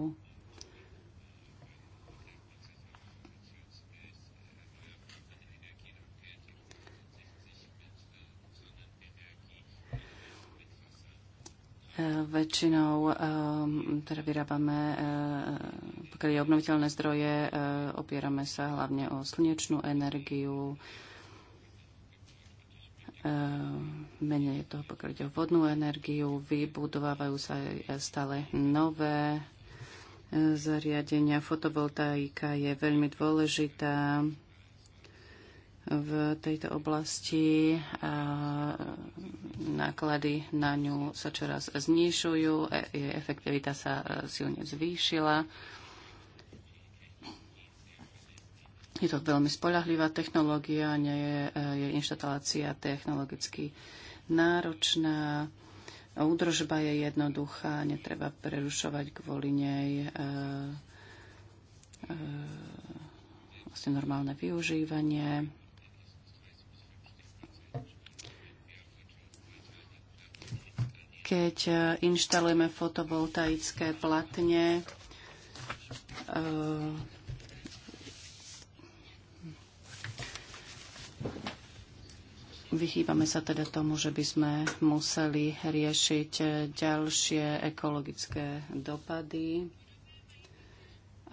Väčšinou ehm, teda vyrábame, ehm, pokiaľ je obnoviteľné zdroje, ehm, opierame sa hlavne o slnečnú energiu, menej je toho pokryť o vodnú energiu, vybudovávajú sa stále nové zariadenia. Fotovoltaika je veľmi dôležitá v tejto oblasti. Náklady na ňu sa čoraz znižujú, e, jej efektivita sa e, silne zvýšila. Je to veľmi spolahlivá technológia, nie je e, jej inštalácia technologicky náročná. Údržba je jednoduchá, netreba prerušovať kvôli nej e, e, vlastne normálne využívanie. keď e, inštalujeme fotovoltaické platne, e, Vychýbame sa teda tomu, že by sme museli riešiť e, ďalšie ekologické dopady.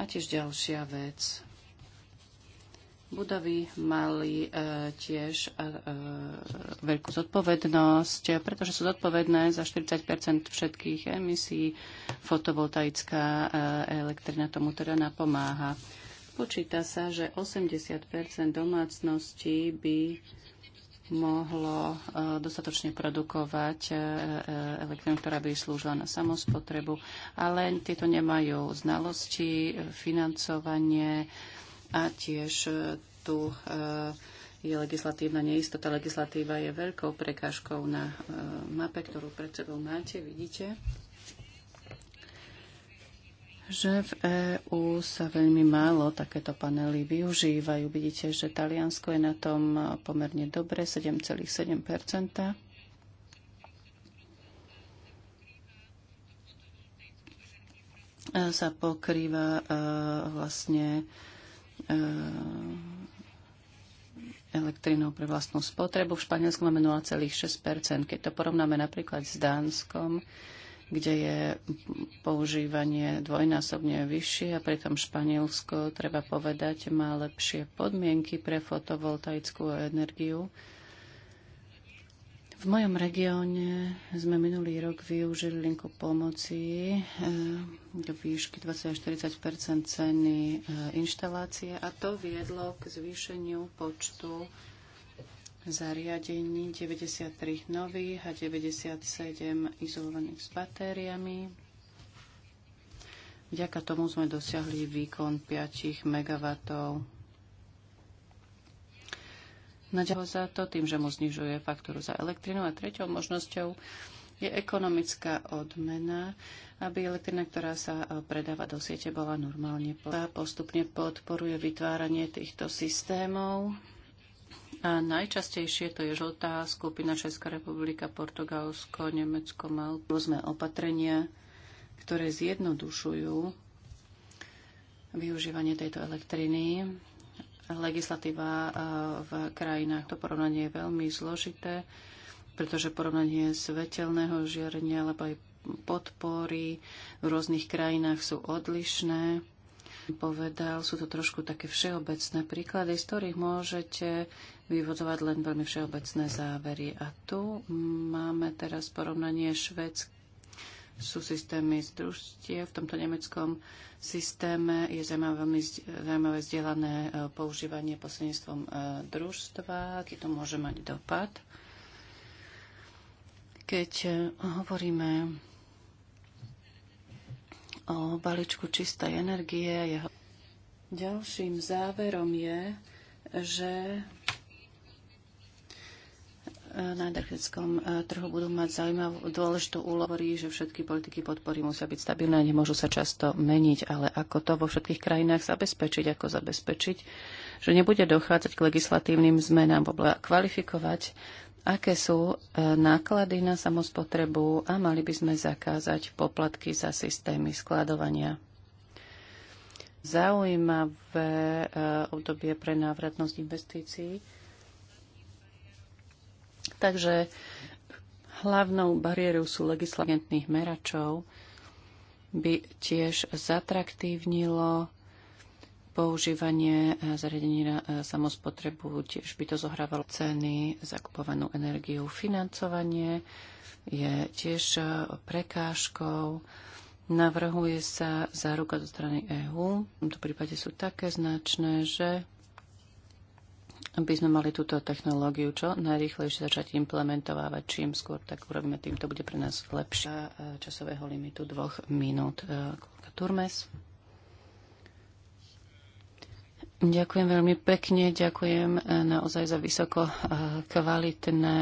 A tiež ďalšia vec budovy mali e, tiež e, e, veľkú zodpovednosť, pretože sú zodpovedné za 40 všetkých emisí. Fotovoltaická elektrina tomu teda napomáha. Počíta sa, že 80 domácností by mohlo dostatočne produkovať elektrinu, ktorá by slúžila na samospotrebu, ale tieto nemajú znalosti, financovanie, a tiež e, tu e, je legislatívna neistota. Legislatíva je veľkou prekážkou na e, mape, ktorú pred sebou máte, vidíte že v EÚ sa veľmi málo takéto panely využívajú. Vidíte, že Taliansko je na tom pomerne dobre, 7,7 sa pokrýva vlastne Eh, elektrinou pre vlastnú spotrebu. V Španielsku máme 0,6 Keď to porovnáme napríklad s Dánskom, kde je používanie dvojnásobne vyššie a pritom Španielsko, treba povedať, má lepšie podmienky pre fotovoltaickú energiu v mojom regióne sme minulý rok využili linku pomoci eh, do výšky 20 až 40 ceny eh, inštalácie a to viedlo k zvýšeniu počtu zariadení 93 nových a 97 izolovaných s batériami. Vďaka tomu sme dosiahli výkon 5 MW naďalej za to tým, že mu znižuje faktúru za elektrinu. A treťou možnosťou je ekonomická odmena, aby elektrina, ktorá sa e, predáva do siete, bola normálne. postupne podporuje vytváranie týchto systémov. A najčastejšie to je žltá skupina Česká republika, Portugalsko, Nemecko, Malta. Rôzne opatrenia, ktoré zjednodušujú využívanie tejto elektriny legislatíva e, v krajinách. To porovnanie je veľmi zložité, pretože porovnanie svetelného žiarenia alebo aj podpory v rôznych krajinách sú odlišné. Povedal, sú to trošku také všeobecné príklady, z ktorých môžete vyvodovať len veľmi všeobecné závery. A tu máme teraz porovnanie Švedska sú systémy družstie. V tomto nemeckom systéme je zaujímavé, veľmi zaujímavé zdieľané e, používanie posledníctvom e, družstva, aký to môže mať dopad. Keď e, hovoríme o balíčku čistej energie, jeho... ďalším záverom je, že Eh, na energetickom eh, trhu budú mať zaujímavú dôležitú úlohu, že všetky politiky podpory musia byť stabilné, nemôžu sa často meniť, ale ako to vo všetkých krajinách zabezpečiť, ako zabezpečiť, že nebude dochádzať k legislatívnym zmenám, kvalifikovať, aké sú eh, náklady na samospotrebu a mali by sme zakázať poplatky za systémy skladovania zaujímavé obdobie pre návratnosť investícií. Takže hlavnou bariérou sú legislatívnych meračov, by tiež zatraktívnilo používanie eh, zariadení na eh, samospotrebu, tiež by to zohrávalo ceny, zakupovanú energiu, financovanie je tiež eh, prekážkou. Navrhuje sa záruka zo strany EÚ. V tomto prípade sú také značné, že aby sme mali túto technológiu čo najrýchlejšie začať implementovávať. Čím skôr tak urobíme, tým to bude pre nás lepšia e, časového limitu dvoch minút. E, Turmes. Ďakujem veľmi pekne, ďakujem e, naozaj za vysoko kvalitné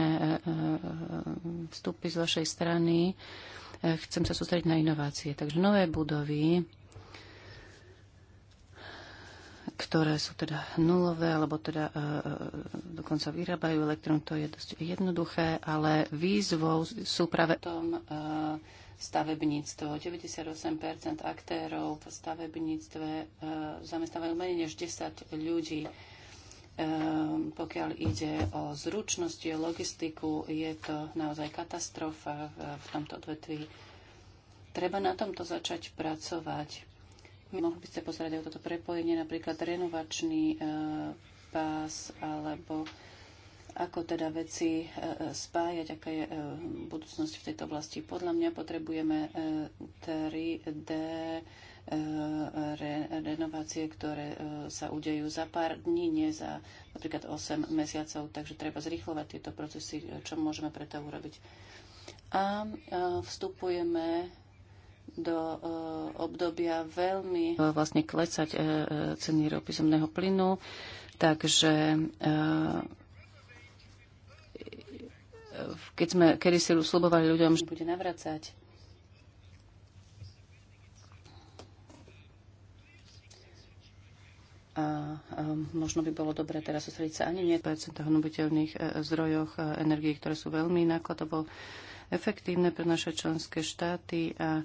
vstupy z vašej strany. Chcem sa sústrediť na inovácie. Takže nové budovy ktoré sú teda nulové, alebo teda e, e, dokonca vyrábajú elektrón, to je dosť jednoduché, ale výzvou sú práve v tom e, stavebníctvo. 98% aktérov v stavebníctve e, zamestnávajú menej než 10 ľudí. E, pokiaľ ide o zručnosti, o logistiku, je to naozaj katastrofa v, v tomto odvetví. Treba na tomto začať pracovať Mohli by ste pozrieť o toto prepojenie, napríklad renovačný e, pás, alebo ako teda veci e, spájať, aká je e, budúcnosť v tejto oblasti. Podľa mňa potrebujeme 3D e, e, re, renovácie, ktoré e, sa udejú za pár dní, nie za napríklad 8 mesiacov, takže treba zrýchlovať tieto procesy, čo môžeme preto urobiť. A vstupujeme do e, obdobia veľmi e, vlastne e, e, ceny ropy zemného plynu. Takže keď sme kedy si slubovali ľuďom, že bude navracať, a možno by bolo dobré teraz sústrediť sa ani nie hnutelných zdrojoch energie, ktoré sú veľmi nákladovo efektívne pre naše členské štáty a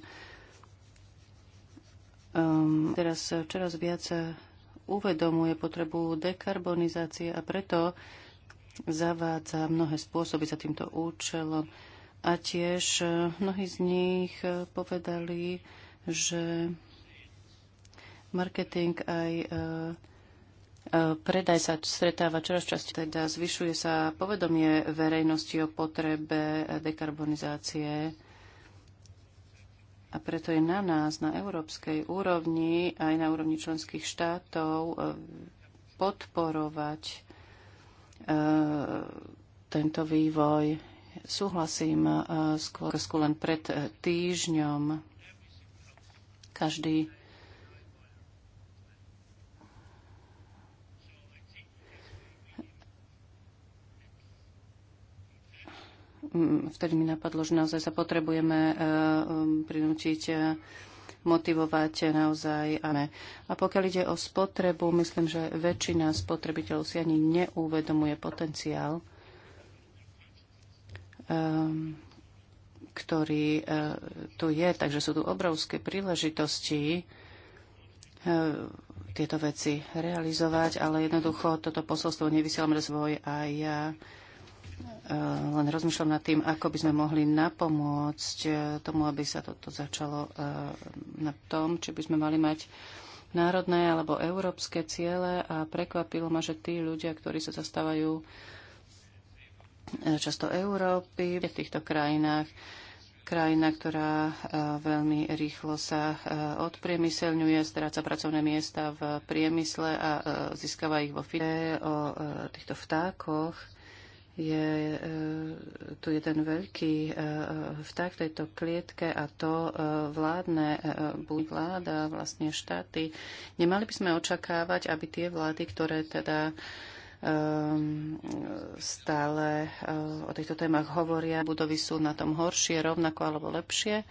um, teraz čoraz viac uvedomuje potrebu dekarbonizácie a preto zavádza mnohé spôsoby za týmto účelom. A tiež eh, mnohí z nich eh, povedali, že marketing aj e, e, predaj sa stretáva čoraz časť, Teda zvyšuje sa povedomie verejnosti o potrebe dekarbonizácie a preto je na nás, na európskej úrovni, aj na úrovni členských štátov, e, podporovať e, tento vývoj. Súhlasím e, skôr len pred e, týždňom. Každý Mm, vtedy mi napadlo, že naozaj sa potrebujeme e, um, prinútiť e, motivovať e, naozaj. A pokiaľ ide o spotrebu, myslím, že väčšina spotrebiteľov si ani neuvedomuje potenciál, ehm, ktorý tu je. Takže sú tu obrovské príležitosti tieto veci realizovať, ale jednoducho toto posolstvo nevysielame rozvoj a ja Eh, len rozmýšľam nad tým, ako by sme mohli napomôcť eh, tomu, aby sa toto začalo eh, na tom, či by sme mali mať národné alebo európske ciele a prekvapilo ma, že tí ľudia, ktorí sa zastávajú často Európy v týchto krajinách, krajina, ktorá veľmi rýchlo sa odpriemyselňuje, stráca pracovné miesta v priemysle a získava ich vo fide o týchto vtákoch je e, tu jeden veľký e, e, vták v tejto klietke a to vládne buď vláda, vlastne štáty. Nemali by sme očakávať, aby tie vlády, ktoré teda stále o týchto témach hovoria, budovy sú na tom horšie, rovnako alebo lepšie.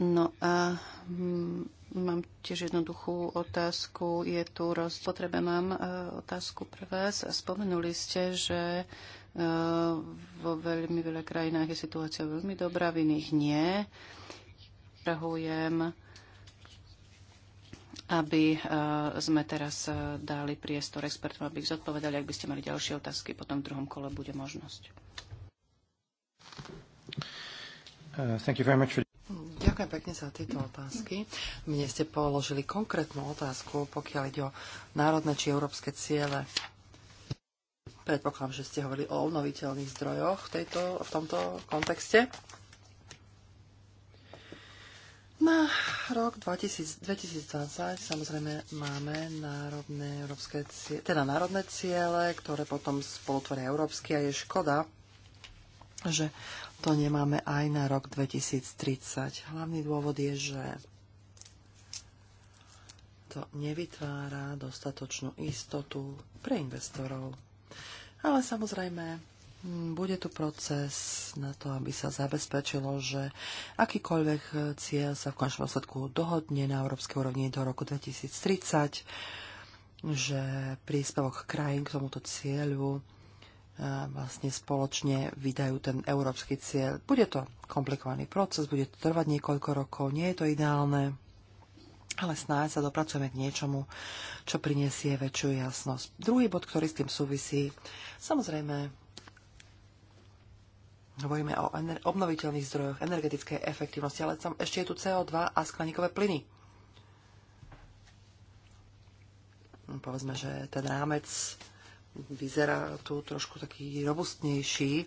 No a hm, Mám tiež jednoduchú otázku. Je tu roz... mám e, otázku pre vás. Spomenuli ste, že e, vo veľmi veľa krajinách je situácia veľmi dobrá, v iných nie. Prahujem, aby e, sme teraz dali priestor expertom, aby ich zodpovedali. Ak by ste mali ďalšie otázky, potom v druhom kole bude možnosť. Uh, thank you very much for Ďakujem pekne za tieto otázky. Mne ste položili konkrétnu otázku, pokiaľ ide o národné či európske ciele. Predpokladám, že ste hovorili o obnoviteľných zdrojoch v, tejto, v tomto kontexte. Na rok 2000, 2020 samozrejme máme národné, európske ciele, teda národné ciele, ktoré potom spolutvoria európsky a je škoda, že to nemáme aj na rok 2030. Hlavný dôvod je, že to nevytvára dostatočnú istotu pre investorov. Ale samozrejme, bude tu proces na to, aby sa zabezpečilo, že akýkoľvek cieľ sa v končnom dôsledku dohodne na európskej úrovni do roku 2030, že príspevok krajín k tomuto cieľu vlastne spoločne vydajú ten európsky cieľ. Bude to komplikovaný proces, bude to trvať niekoľko rokov, nie je to ideálne, ale snáď sa dopracujeme k niečomu, čo prinesie väčšiu jasnosť. Druhý bod, ktorý s tým súvisí, samozrejme, hovoríme o obnoviteľných zdrojoch, energetickej efektivnosti, ale tam ešte je tu CO2 a skleníkové plyny. Povedzme, že ten rámec vyzerá tu trošku taký robustnejší.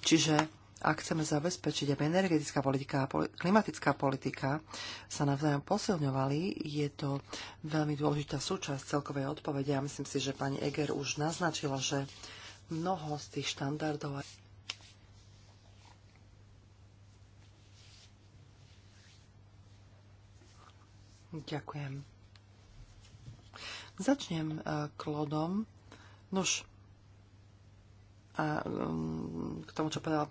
Čiže ak chceme zabezpečiť, aby energetická politika a klimatická politika sa navzájom posilňovali, je to veľmi dôležitá súčasť celkovej odpovede. A myslím si, že pani Eger už naznačila, že mnoho z tých štandardov Ďakujem. Začnem e, klodom Nož. A um, k tomu, čo povedal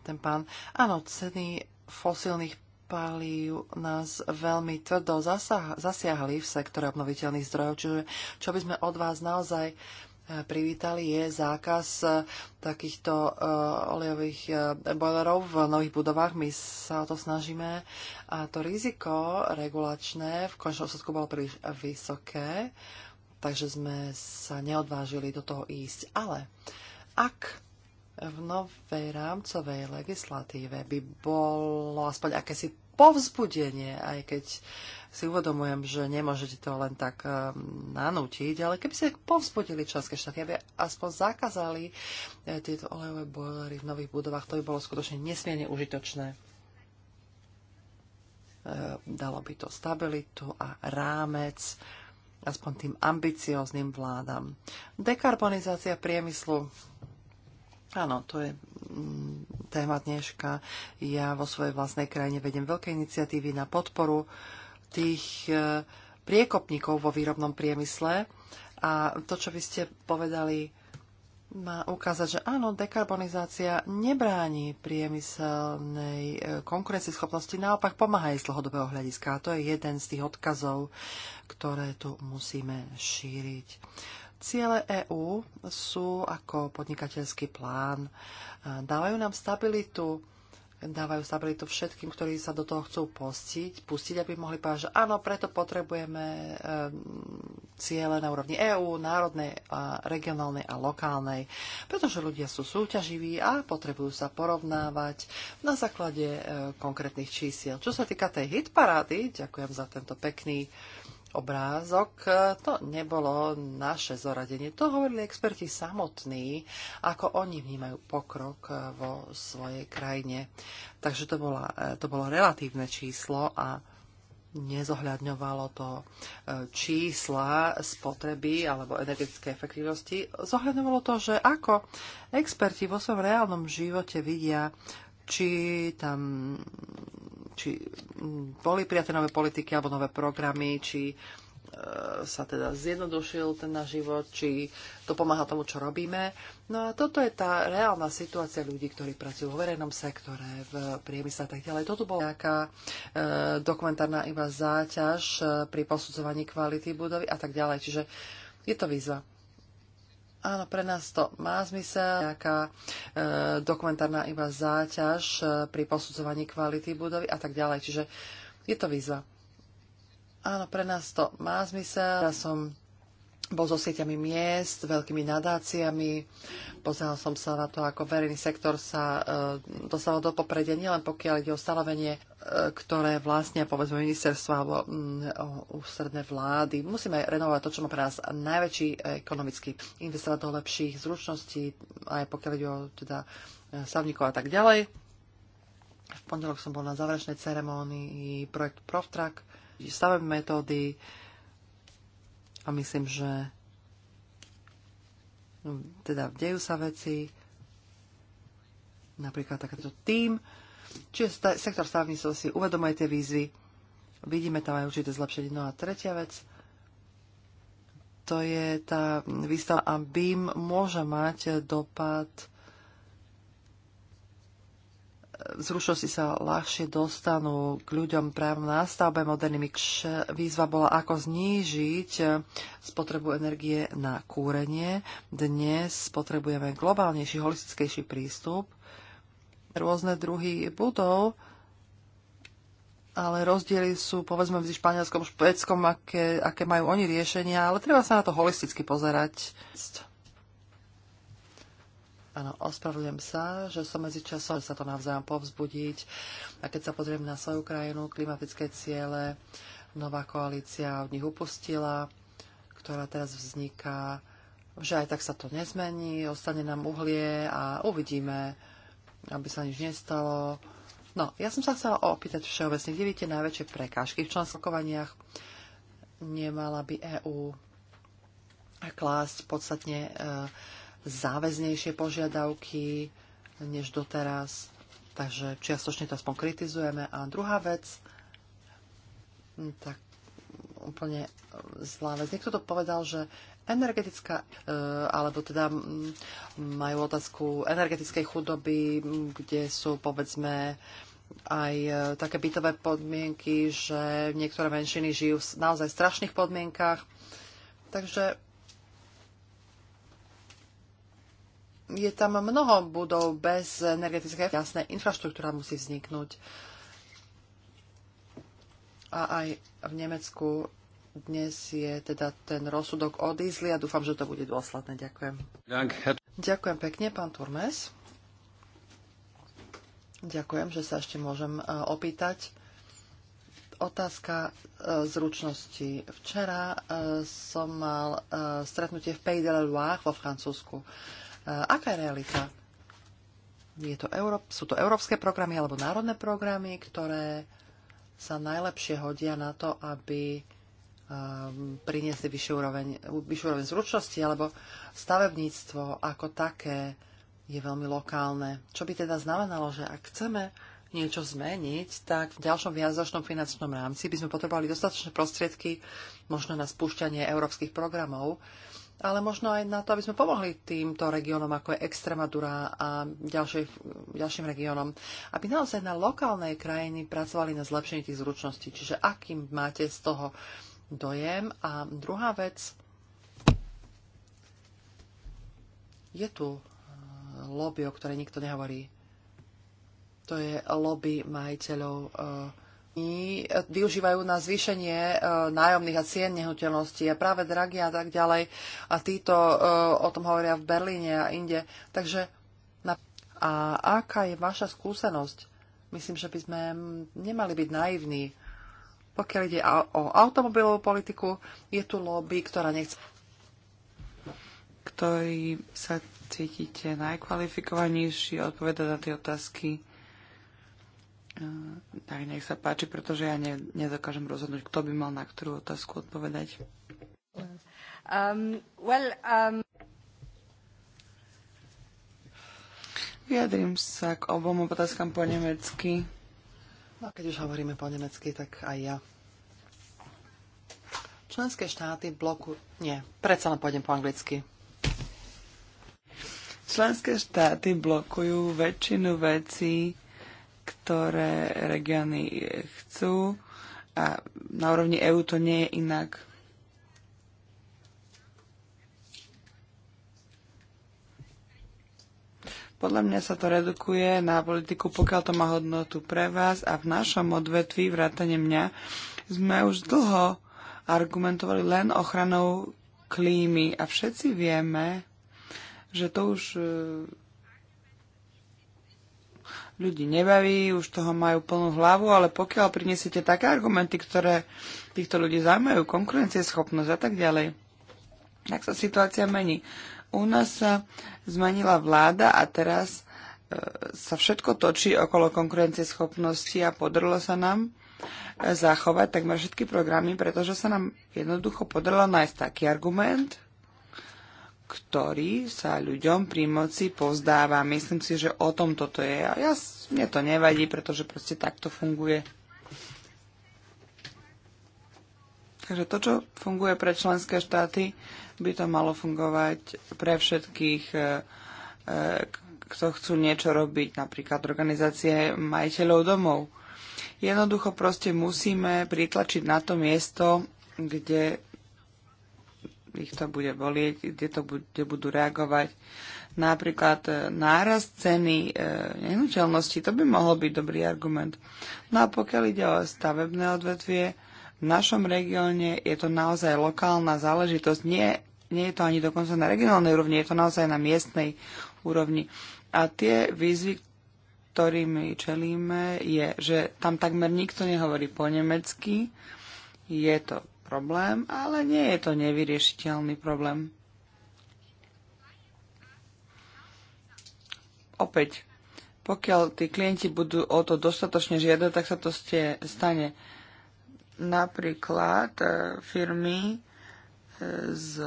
ten pán. Áno, ceny fosílnych palív nás veľmi tvrdo zasah- zasiahli v sektore obnoviteľných zdrojov, čiže čo by sme od vás naozaj e, privítali je zákaz e, takýchto e, olejových boilerov v nových budovách. My sa o to snažíme a to riziko regulačné v končnom sudku bolo príliš vysoké takže sme sa neodvážili do toho ísť. Ale ak v novej rámcovej legislatíve by bolo aspoň akési povzbudenie, aj keď si uvedomujem, že nemôžete to len tak um, nanútiť, ale keby ste povzbudili členské štáty, aby aspoň zakázali e, tieto olejové boilery v nových budovách, to by bolo skutočne nesmierne užitočné. E, dalo by to stabilitu a rámec aspoň tým ambiciozným vládam. Dekarbonizácia priemyslu. Áno, to je mm, téma dneška. Ja vo svojej vlastnej krajine vedem veľké iniciatívy na podporu tých e, priekopníkov vo výrobnom priemysle. A to, čo vy ste povedali, má ukázať, že áno, dekarbonizácia nebráni priemyselnej e, konkurencieschopnosti, naopak pomáha aj z dlhodobého hľadiska. A to je jeden z tých odkazov, ktoré tu musíme šíriť. Ciele EÚ sú ako podnikateľský plán. Dávajú nám stabilitu, dávajú stabilitu všetkým, ktorí sa do toho chcú postiť, pustiť, aby mohli povedať, že áno, preto potrebujeme um, ciele na úrovni EÚ, národnej, a regionálnej a lokálnej, pretože ľudia sú súťaživí a potrebujú sa porovnávať na základe uh, konkrétnych čísiel. Čo sa týka tej hitparády, ďakujem za tento pekný uh, obrázok, to nebolo naše zoradenie. To hovorili experti samotní, ako oni vnímajú pokrok vo svojej krajine. Takže to, bola, to bolo relatívne číslo a nezohľadňovalo to e, čísla spotreby alebo energetické efektivnosti. Zohľadňovalo to, že ako experti vo svojom reálnom živote vidia, či tam či mm, boli prijaté nové politiky alebo nové programy, či e, sa teda zjednodušil ten náš život, či to pomáha tomu, čo robíme. No a toto je tá reálna situácia ľudí, ktorí pracujú vo verejnom sektore, v priemysle a tak ďalej. Toto bola nejaká e, dokumentárna iba záťaž e, pri posudzovaní kvality budovy a tak ďalej. Čiže je to výzva. Áno, pre nás to má zmysel. Nejaká e, dokumentárna iba záťaž e, pri posudzovaní kvality budovy a tak ďalej. Čiže je to výzva. Áno, pre nás to má zmysel. Ja som bol so sieťami miest, veľkými nadáciami. Pozeral som sa na to, ako verejný sektor sa e, dostal do popredia, nielen pokiaľ ide o stanovenie, e, ktoré vlastne povedzme ministerstva alebo mm, ústredné vlády. Musíme renovovať to, čo má pre nás najväčší ekonomický investovať do lepších zručností, aj pokiaľ ide o teda e, stavníkov a tak ďalej. V pondelok som bol na záverečnej ceremonii projekt ProfTrack, stavebné metódy, a myslím, že mm, teda dejú sa veci, napríklad takéto tým, čiže sektor stavníctva si uvedomuje tie výzvy, vidíme tam aj určité zlepšenie. No a tretia vec, to je tá výstava a BIM môže mať dopad Zrušnosti sa ľahšie dostanú k ľuďom práve na stavbe modernými. Výzva bola, ako znížiť spotrebu energie na kúrenie. Dnes potrebujeme globálnejší, holistickejší prístup. Rôzne druhy budov, ale rozdiely sú povedzme medzi Španielskom a Švedskom, aké, aké majú oni riešenia, ale treba sa na to holisticky pozerať. Áno, ospravedlňujem sa, že som medzi časom sa to navzájom povzbudiť. A keď sa pozriem na svoju krajinu, klimatické ciele, nová koalícia od nich upustila, ktorá teraz vzniká, že aj tak sa to nezmení, ostane nám uhlie a uvidíme, aby sa nič nestalo. No, ja som sa chcela opýtať všeobecne, kde vidíte najväčšie prekážky v členskokovaniach? Nemala by EÚ klásť podstatne e, záväznejšie požiadavky než doteraz, takže čiastočne to aspoň kritizujeme. A druhá vec, hm, tak úplne hm, zlá vec. Niekto to povedal, že energetická, e, alebo teda hm, majú otázku energetickej chudoby, kde sú povedzme aj e, také bytové podmienky, že niektoré menšiny žijú v naozaj strašných podmienkach. Takže je tam mnoho budov bez energetické jasné, infraštruktúra musí vzniknúť. A aj v Nemecku dnes je teda ten rozsudok od diesli a dúfam, že to bude dôsledné. Ďakujem. Ďakujem pekne, pán Turmes. Ďakujem, že sa ešte môžem e, opýtať. Otázka e, zručnosti. Včera e, som mal stretnutie v Pays de la Loire vo Francúzsku. Eh, aká je realita? Je to Euró- sú to európske programy alebo národné programy, ktoré sa najlepšie hodia na to, aby ehm, priniesli vyššiu úroveň, vyššiu úroveň zručnosti, alebo stavebníctvo ako také je veľmi lokálne. Čo by teda znamenalo, že ak chceme niečo zmeniť, tak v ďalšom viacročnom finančnom rámci by sme potrebovali dostatočné prostriedky možno na spúšťanie európskych programov, ale možno aj na to, aby sme pomohli týmto regiónom, ako je Extremadura a ďalšie, ďalším regiónom, aby naozaj na lokálnej krajiny pracovali na zlepšení tých zručností. Čiže akým máte z toho dojem. A druhá vec, je tu eh, lobby, o ktorej nikto nehovorí. To je lobby majiteľov uh, využívajú na zvýšenie e, nájomných a cien nehnuteľností a práve dragy a tak ďalej. A títo e, o tom hovoria v Berlíne a inde. Takže a aká je vaša skúsenosť? Myslím, že by sme nemali byť naivní. Pokiaľ ide o automobilovú politiku, je tu lobby, ktorá nechce ktorý sa cítite najkvalifikovanejší odpoveda na tie otázky. Tak nech sa páči, pretože ja ne, nedokážem rozhodnúť, kto by mal na ktorú otázku odpovedať. Um, well, um... Vyjadrím sa k obom otázkam po nemecky. No, keď už hovoríme po nemecky, tak aj ja. Členské štáty bloku... Nie, predsa len pôjdem po anglicky. Členské štáty blokujú väčšinu vecí, ktoré regióny chcú a na úrovni EÚ to nie je inak. Podľa mňa sa to redukuje na politiku, pokiaľ to má hodnotu pre vás a v našom odvetví, vrátane mňa, sme už dlho argumentovali len ochranou klímy a všetci vieme, že to už ľudí nebaví, už toho majú plnú hlavu, ale pokiaľ prinesiete také argumenty, ktoré týchto ľudí zaujímajú, konkurencieschopnosť a tak ďalej, tak sa situácia mení. U nás sa zmenila vláda a teraz e, sa všetko točí okolo konkurencieschopnosti a podarilo sa nám e, zachovať takmer všetky programy, pretože sa nám jednoducho podarilo nájsť taký argument, ktorý sa ľuďom pri moci pozdáva. Myslím si, že o tom toto je. A ja, mne to nevadí, pretože proste takto funguje. Takže to, čo funguje pre členské štáty, by to malo fungovať pre všetkých, e, e, kto chcú niečo robiť, napríklad organizácie majiteľov domov. Jednoducho proste musíme pritlačiť na to miesto, kde ich to bude bolieť, kde, to bude, kde budú reagovať. Napríklad e, nárast ceny e, nehnuteľnosti, to by mohol byť dobrý argument. No a pokiaľ ide o stavebné odvetvie, v našom regióne je to naozaj lokálna záležitosť. Nie, nie je to ani dokonca na regionálnej úrovni, je to naozaj na miestnej úrovni. A tie výzvy, ktorými čelíme, je, že tam takmer nikto nehovorí po nemecky. Je to problém, ale nie je to nevyriešiteľný problém. Opäť, pokiaľ tí klienti budú o to dostatočne žiadať, tak sa to ste, stane. Napríklad e, firmy, e, z,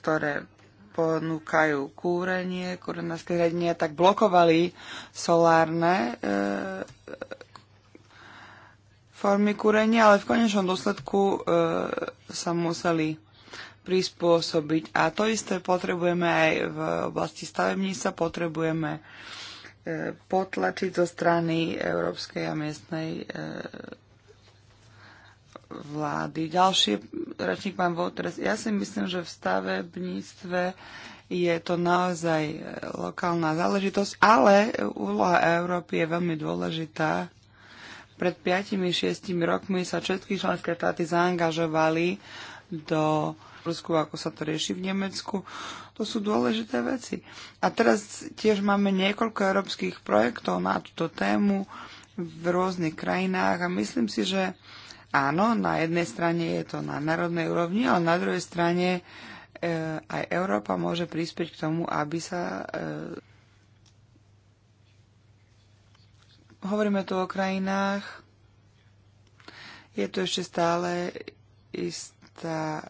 ktoré ponúkajú kúrenie, kúrenárske zariadenia, tak blokovali solárne e, formy kúrenia, ale v konečnom dôsledku e, sa museli prispôsobiť. A to isté potrebujeme aj v oblasti stavebníctva, potrebujeme e, potlačiť zo strany európskej a miestnej e, vlády. Ďalší račník, pán Votres. Ja si myslím, že v stavebníctve je to naozaj e, lokálna záležitosť, ale úloha Európy je veľmi dôležitá pred 5-6 rokmi sa všetky členské štáty zaangažovali do Rusku, ako sa to rieši v Nemecku. To sú dôležité veci. A teraz tiež máme niekoľko európskych projektov na túto tému v rôznych krajinách a myslím si, že áno, na jednej strane je to na národnej úrovni, ale na druhej strane e, aj Európa môže prispieť k tomu, aby sa e, Hovoríme tu o krajinách. Je tu ešte stále istá e,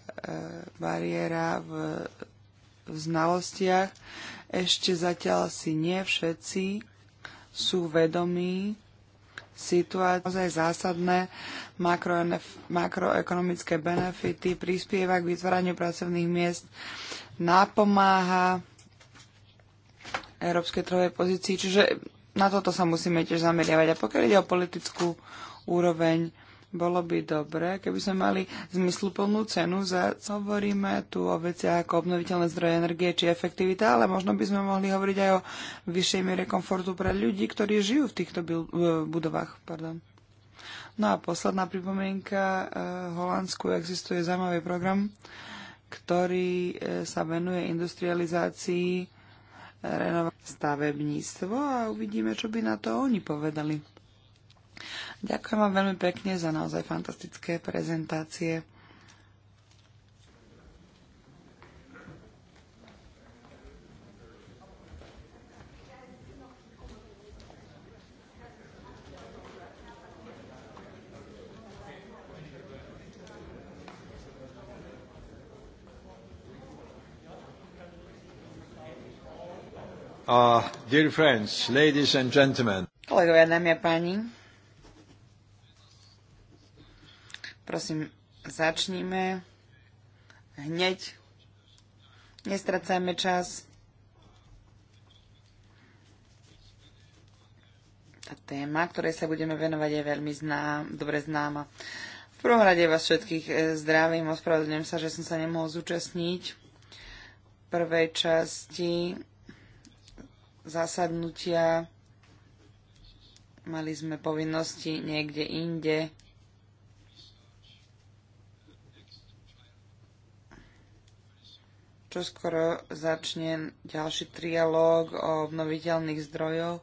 bariéra v, v znalostiach. Ešte zatiaľ si nie všetci sú vedomí situácie naozaj zásadné makro, makroekonomické benefity, prispieva k vytváraniu pracovných miest, napomáha európskej trhovej pozícii. Čiže na toto sa musíme tiež zameriavať. A pokiaľ ide o politickú úroveň, bolo by dobre, keby sme mali zmysluplnú cenu za... Hovoríme tu o veciach ako obnoviteľné zdroje energie či efektivita, ale možno by sme mohli hovoriť aj o vyššej miere komfortu pre ľudí, ktorí žijú v týchto e, budovách. Pardon. No a posledná pripomienka. E, v Holandsku existuje zaujímavý program, ktorý e, sa venuje industrializácii renovať stavebníctvo a uvidíme, čo by na to oni povedali. Ďakujem vám veľmi pekne za naozaj fantastické prezentácie. Uh, dear friends, ladies and gentlemen. Kolegovia, dámy a páni, prosím, začníme hneď. Nestracajme čas. Tá téma, ktorej sa budeme venovať, je veľmi znám, dobre známa. V prvom rade vás všetkých e, zdravím, ospravedlňujem sa, že som sa nemohol zúčastniť v prvej časti zasadnutia, mali sme povinnosti niekde inde. Čo skoro začne ďalší trialóg o obnoviteľných zdrojoch.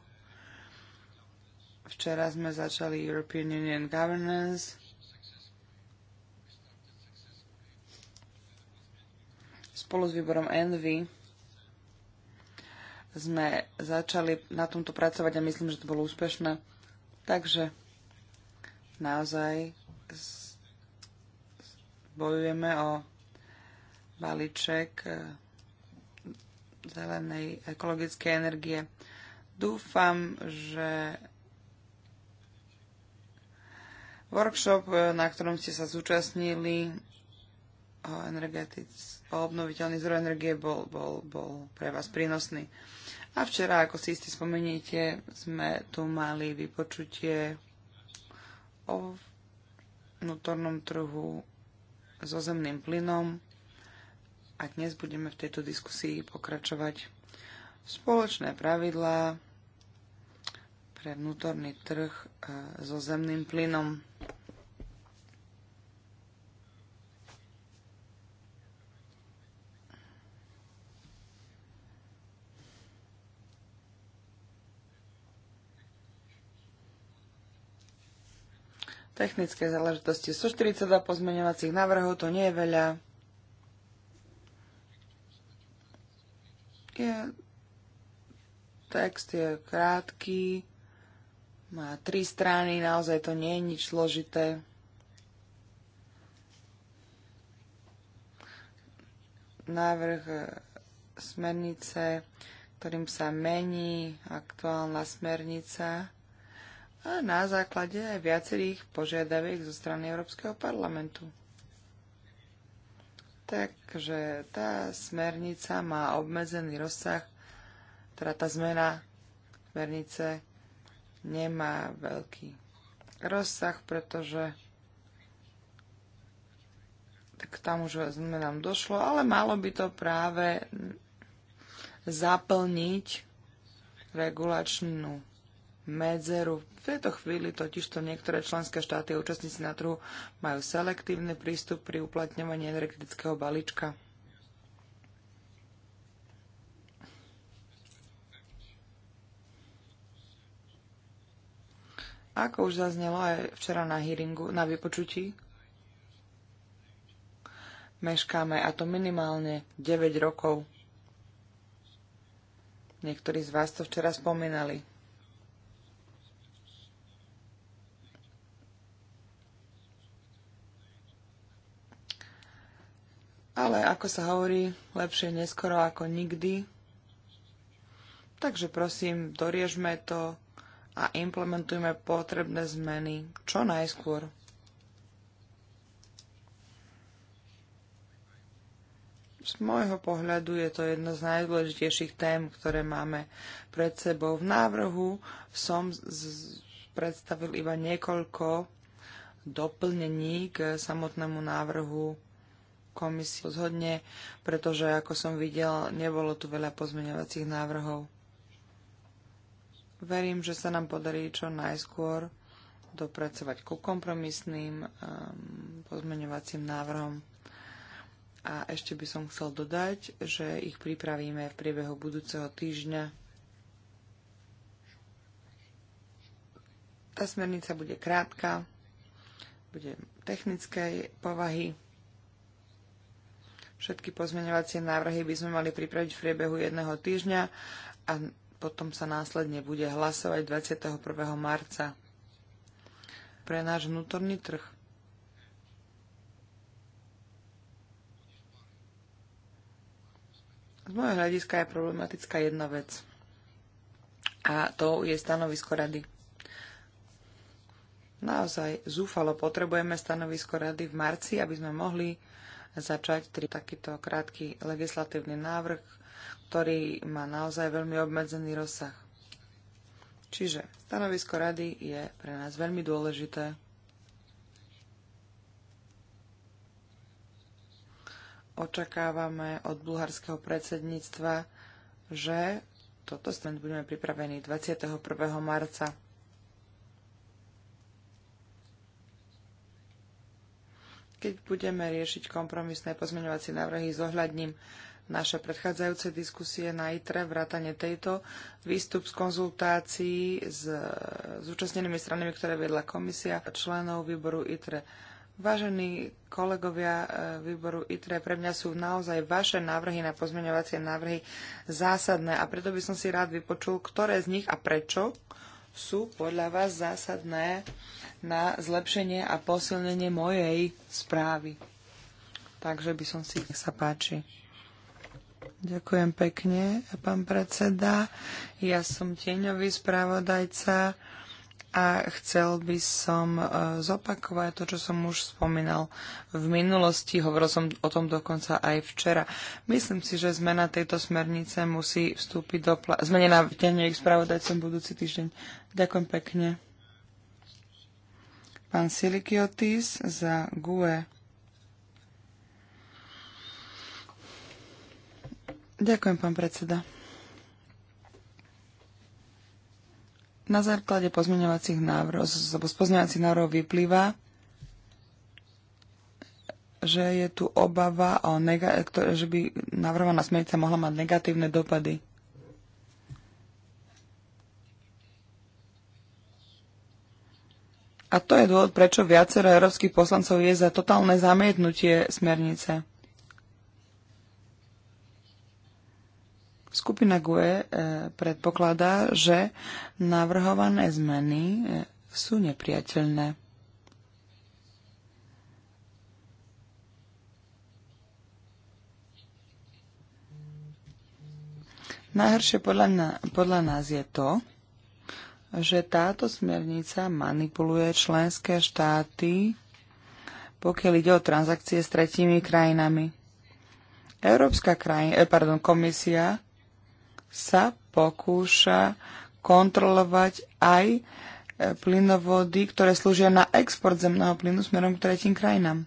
Včera sme začali European Union Governance. Spolu s výborom Envy sme začali na tomto pracovať a myslím, že to bolo úspešné. Takže naozaj bojujeme o balíček e, zelenej ekologickej energie. Dúfam, že workshop, e, na ktorom ste sa zúčastnili o, o obnoviteľných zdroj energie, bol, bol, bol pre vás prínosný. A včera, ako si isté spomeniete, sme tu mali vypočutie o vnútornom trhu so ozemným plynom a dnes budeme v tejto diskusii pokračovať. Spoločné pravidlá pre vnútorný trh eh, so zemným plynom. Technické záležitosti. 142 pozmeňovacích návrhov, to nie je veľa. Je, text je krátky, má tri strany, naozaj to nie je nič zložité. Návrh e, smernice, ktorým sa mení aktuálna smernica a na základe aj viacerých požiadaviek zo strany Európskeho parlamentu. Takže tá smernica má obmedzený rozsah, teda tá zmena smernice nemá veľký rozsah, pretože tak tam už sme nám došlo, ale malo by to práve zaplniť regulačnú medzeru. V tejto chvíli totižto niektoré členské štáty a účastníci na trhu majú selektívny prístup pri uplatňovaní energetického balíčka. Ako už zaznelo aj včera na hearingu, na vypočutí, meškáme a to minimálne 9 rokov. Niektorí z vás to včera spomínali. Ale ako sa hovorí, lepšie neskoro ako nikdy. Takže prosím, doriežme to a implementujme potrebné zmeny čo najskôr. Z môjho pohľadu je to jedna z najdôležitejších tém, ktoré máme pred sebou. V návrhu som predstavil iba niekoľko doplnení k samotnému návrhu komisiu zhodne, pretože ako som videl, nebolo tu veľa pozmeňovacích návrhov. Verím, že sa nám podarí čo najskôr dopracovať ku kompromisným um, pozmeňovacím návrhom. A ešte by som chcel dodať, že ich pripravíme v priebehu budúceho týždňa. Tá smernica bude krátka, bude technickej povahy Všetky pozmeňovacie návrhy by sme mali pripraviť v priebehu jedného týždňa a potom sa následne bude hlasovať 21. marca pre náš vnútorný trh. Z môjho hľadiska je problematická jedna vec. A to je stanovisko rady. Naozaj zúfalo potrebujeme stanovisko rady v marci, aby sme mohli začať tri, takýto krátky legislatívny návrh, ktorý má naozaj veľmi obmedzený rozsah. Čiže stanovisko rady je pre nás veľmi dôležité. Očakávame od bulharského predsedníctva, že toto stend budeme pripravení 21. marca. Keď budeme riešiť kompromisné pozmeňovacie návrhy, zohľadním naše predchádzajúce diskusie na ITRE, vrátane tejto, výstup z konzultácií s zúčastnenými stranami, ktoré vedla komisia členov výboru ITRE. Vážení kolegovia e, výboru ITRE, pre mňa sú naozaj vaše návrhy na pozmeňovacie návrhy zásadné a preto by som si rád vypočul, ktoré z nich a prečo sú podľa vás zásadné na zlepšenie a posilnenie mojej správy. Takže by som si, nech sa páči. Ďakujem pekne, pán predseda. Ja som tieňový spravodajca a chcel by som e, zopakovať to, čo som už spomínal v minulosti. Hovoril som o tom dokonca aj včera. Myslím si, že zmena tejto smernice musí vstúpiť do... Pla- zmenená na ich spravodajcom budúci týždeň. Ďakujem pekne. Pán Silikiotis za GUE. Ďakujem, pán predseda. na základe pozmeňovacích návrhov, z pozmeňovacích návrhov vyplýva, že je tu obava, o nega- že by navrhovaná smernica mohla mať negatívne dopady. A to je dôvod, prečo viacero európskych poslancov je za totálne zamietnutie smernice. Skupina GUE eh, predpokladá, že navrhované zmeny eh, sú nepriateľné. Najhoršie podľa, na, podľa nás je to, že táto smernica manipuluje členské štáty, pokiaľ ide o transakcie s tretími krajinami. Európska kraj, eh, pardon, komisia sa pokúša kontrolovať aj e, plynovody, ktoré slúžia na export zemného plynu smerom k tretím krajinám.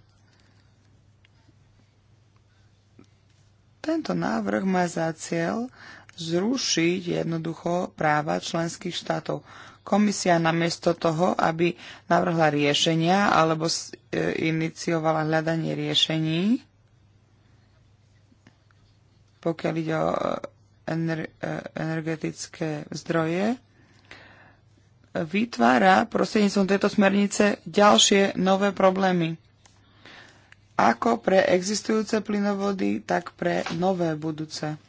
Tento návrh má za cieľ zrušiť jednoducho práva členských štátov. Komisia namiesto toho, aby navrhla riešenia alebo e, iniciovala hľadanie riešení, pokiaľ ide o E, energetické zdroje, vytvára prostredníctvom tejto smernice ďalšie nové problémy. Ako pre existujúce plynovody, tak pre nové budúce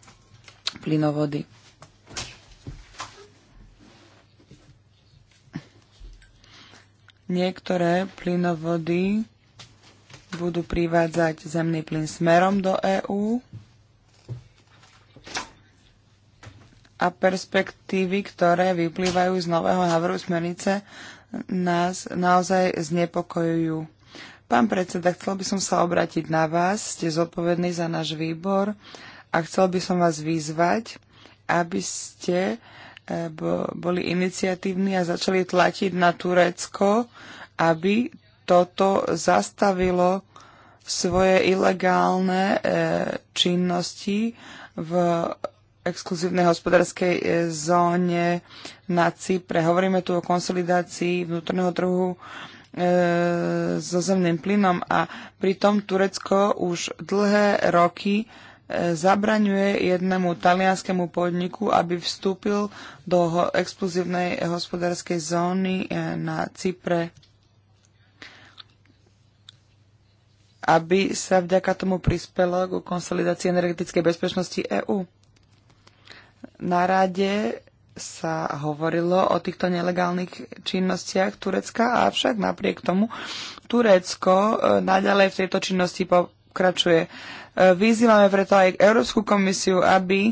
plynovody. Niektoré plynovody budú privádzať zemný plyn smerom do EÚ, a perspektívy, ktoré vyplývajú z nového návrhu smernice, nás naozaj znepokojujú. Pán predseda, chcel by som sa obrátiť na vás, ste zodpovední za náš výbor a chcel by som vás vyzvať, aby ste e, boli iniciatívni a začali tlačiť na Turecko, aby toto zastavilo svoje ilegálne e, činnosti v exkluzívnej hospodárskej e, zóne na Cypre. Hovoríme tu o konsolidácii vnútorného trhu e, so zemným plynom a pritom Turecko už dlhé roky e, zabraňuje jednému talianskému podniku, aby vstúpil do exkluzívnej hospodárskej zóny na Cypre, aby sa vďaka tomu prispelo k konsolidácii energetickej bezpečnosti EÚ. Na rade sa hovorilo o týchto nelegálnych činnostiach Turecka, avšak napriek tomu Turecko e, naďalej v tejto činnosti pokračuje. E, vyzývame preto aj Európsku komisiu, aby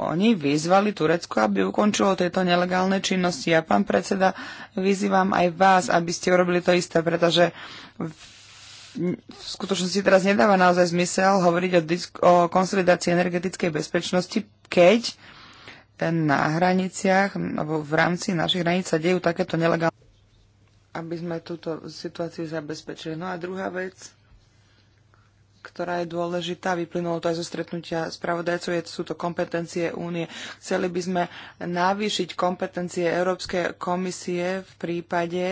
oni vyzvali Turecko, aby ukončilo tieto nelegálne činnosti. A pán predseda, vyzývam aj vás, aby ste urobili to isté, pretože v skutočnosti teraz nedáva naozaj zmysel hovoriť o, disk- o konsolidácii energetickej bezpečnosti keď na hraniciach, alebo v rámci našich hraníc sa dejú takéto nelegálne aby sme túto situáciu zabezpečili. No a druhá vec, ktorá je dôležitá, vyplynulo to aj zo stretnutia spravodajcov, je, sú to kompetencie únie. Chceli by sme navýšiť kompetencie Európskej komisie v prípade...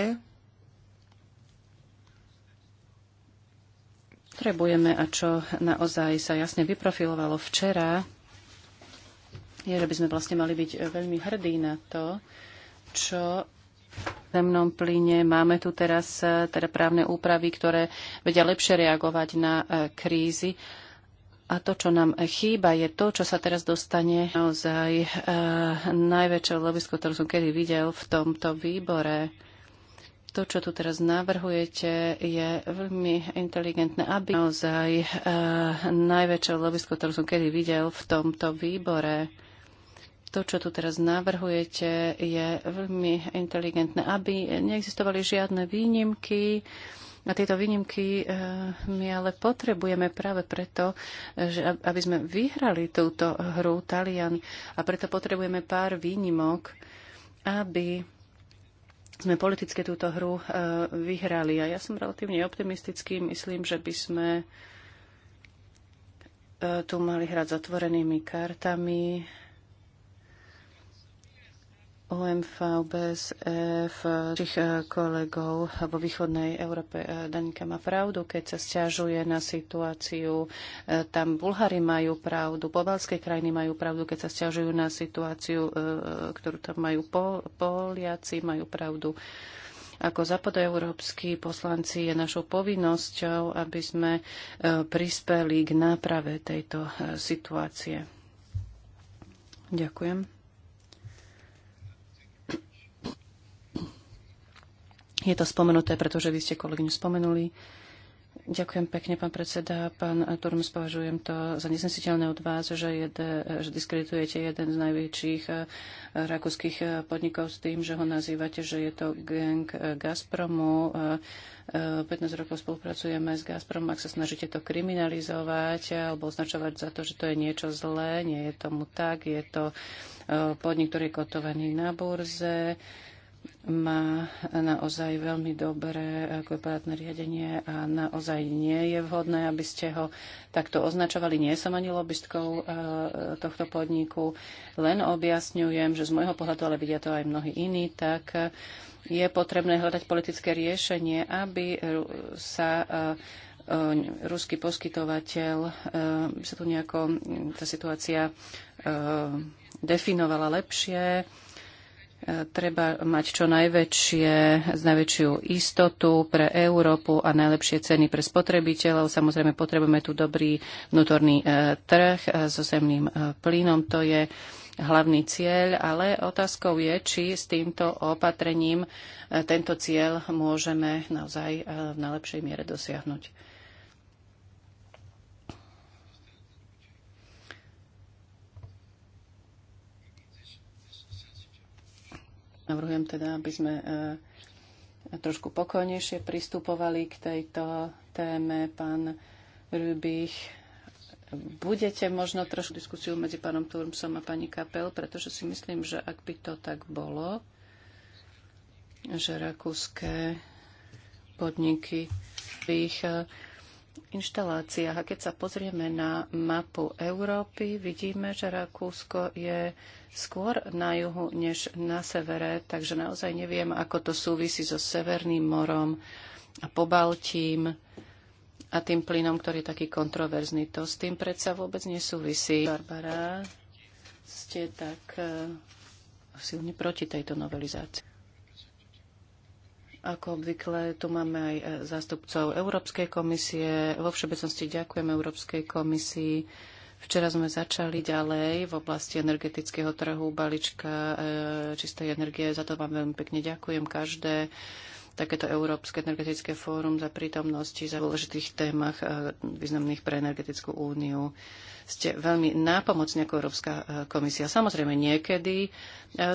Trebujeme a čo naozaj sa jasne vyprofilovalo včera, je, že by sme vlastne mali byť e, veľmi hrdí na to, čo v zemnom plyne. Máme tu teraz e, teda právne úpravy, ktoré vedia lepšie reagovať na e, krízy. A to, čo nám chýba, je to, čo sa teraz dostane naozaj e, najväčšou lobisko, ktorú som kedy videl v tomto výbore. To, čo tu teraz navrhujete, je veľmi inteligentné, aby naozaj e, najväčšou lobisko, ktorú som kedy videl v tomto výbore to, čo tu teraz navrhujete, je veľmi inteligentné, aby neexistovali žiadne výnimky. A tieto výnimky e, my ale potrebujeme práve preto, že aby sme vyhrali túto hru Talian. A preto potrebujeme pár výnimok, aby sme politicky túto hru e, vyhrali. A ja som relatívne optimistický. Myslím, že by sme e, tu mali hrať s otvorenými kartami OMV, BSF, tých eh, kolegov vo východnej Európe. Eh, Danika má pravdu, keď sa stiažuje na situáciu. Eh, tam Bulhári majú pravdu, pobalské krajiny majú pravdu, keď sa stiažujú na situáciu, ktorú tam majú Poliaci, majú pravdu. Ako zapodoeurópsky poslanci je našou povinnosťou, aby sme prispeli k náprave tejto situácie. Ďakujem. Je to spomenuté, pretože vy ste kolegyňu spomenuli. Ďakujem pekne, pán predseda. Pán Turm, považujem to za nesnesiteľné od vás, že, jede, že diskreditujete jeden z najväčších eh, rakúskych eh, podnikov s tým, že ho nazývate, že je to gang eh, Gazpromu. 15 rokov spolupracujeme s Gazpromom. Ak sa snažíte to kriminalizovať alebo označovať za to, že to je niečo zlé, nie je tomu tak. Je to podnik, ktorý je kotovaný na burze má naozaj veľmi dobré eh, korporátne riadenie a naozaj nie je vhodné, aby ste ho takto označovali. Nie som ani lobbystkou eh, tohto podniku, len objasňujem, že z môjho pohľadu, ale vidia to aj mnohí iní, tak eh, je potrebné hľadať politické riešenie, aby sa ruský poskytovateľ, sa tu nejako mm, tá situácia definovala lepšie, treba mať čo najväčšie, najväčšiu istotu pre Európu a najlepšie ceny pre spotrebiteľov. Samozrejme, potrebujeme tu dobrý vnútorný e, trh e, so zemným e, plynom. To je hlavný cieľ, ale otázkou je, či s týmto opatrením tento cieľ môžeme naozaj v najlepšej miere dosiahnuť. Navrhujem teda, aby sme eh, trošku pokojnejšie pristupovali k tejto téme. Pán Rubich, budete možno trošku diskusiu medzi pánom Turmsom a pani Kapel, pretože si myslím, že ak by to tak bolo, že rakúske podniky by ich eh, inštaláciách. A keď sa pozrieme na mapu Európy, vidíme, že Rakúsko je skôr na juhu než na severe, takže naozaj neviem, ako to súvisí so Severným morom a Pobaltím a tým plynom, ktorý je taký kontroverzný. To s tým predsa vôbec nesúvisí. Barbara, ste tak eh, silne proti tejto novelizácii. Ako obvykle, tu máme aj e, zástupcov Európskej komisie. Vo všeobecnosti ďakujem Európskej komisii. Včera sme začali ďalej v oblasti energetického trhu, balíčka e, čistej energie. Za to vám veľmi pekne ďakujem každé takéto Európske energetické fórum za prítomnosti za dôležitých témach e, významných pre energetickú úniu. Ste veľmi nápomocní ako Európska e, komisia. Samozrejme, niekedy e,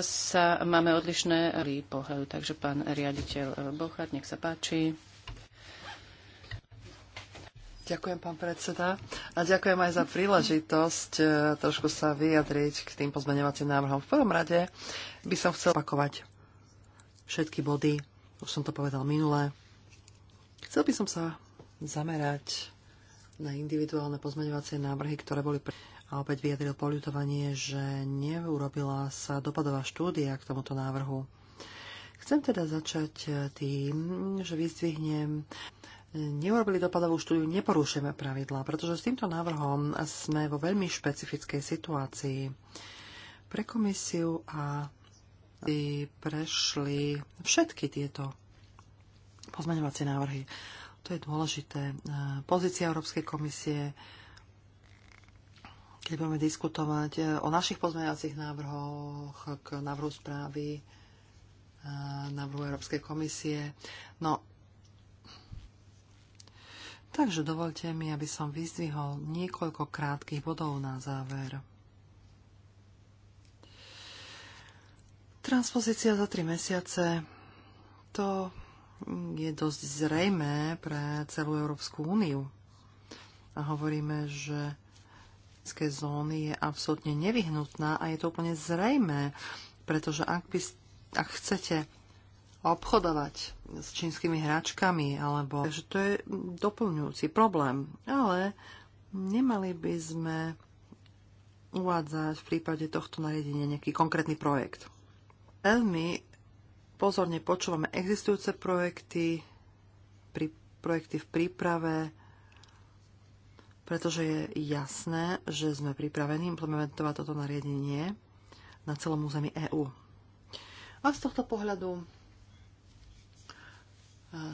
sa máme odlišné pohľady. Takže pán riaditeľ Bochat, nech sa páči. Ďakujem, pán predseda. A ďakujem aj za príležitosť trošku sa vyjadriť k tým pozmeňovacím návrhom. V prvom rade by som chcel opakovať všetky body, už som to povedal minule. Chcel by som sa zamerať na individuálne pozmeňovacie návrhy, ktoré boli pre... a opäť vyjadril poľutovanie, že neurobila sa dopadová štúdia k tomuto návrhu. Chcem teda začať e, tým, že vyzdvihnem neurobili dopadovú štúdiu, neporúšime pravidlá, pretože s týmto návrhom sme vo veľmi špecifickej situácii. Pre komisiu a si prešli všetky tieto pozmeňovacie návrhy. To je dôležité. E, pozícia Európskej komisie, keď budeme diskutovať e, o našich pozmeňovacích návrhoch k návrhu správy, e, návrhu Európskej komisie. No, takže dovolte mi, aby som vyzdvihol niekoľko krátkých bodov na záver. Transpozícia za tri mesiace, to je dosť zrejmé pre celú Európsku úniu. A hovoríme, že zóny je absolútne nevyhnutná a je to úplne zrejmé, pretože ak, by, ak chcete obchodovať s čínskymi hračkami, alebo... Takže to je doplňujúci problém. Ale nemali by sme uvádzať v prípade tohto nariadenia nejaký konkrétny projekt veľmi pozorne počúvame existujúce projekty, pri, projekty v príprave, pretože je jasné, že sme pripravení implementovať toto nariadenie na celom území EÚ. A z tohto pohľadu e,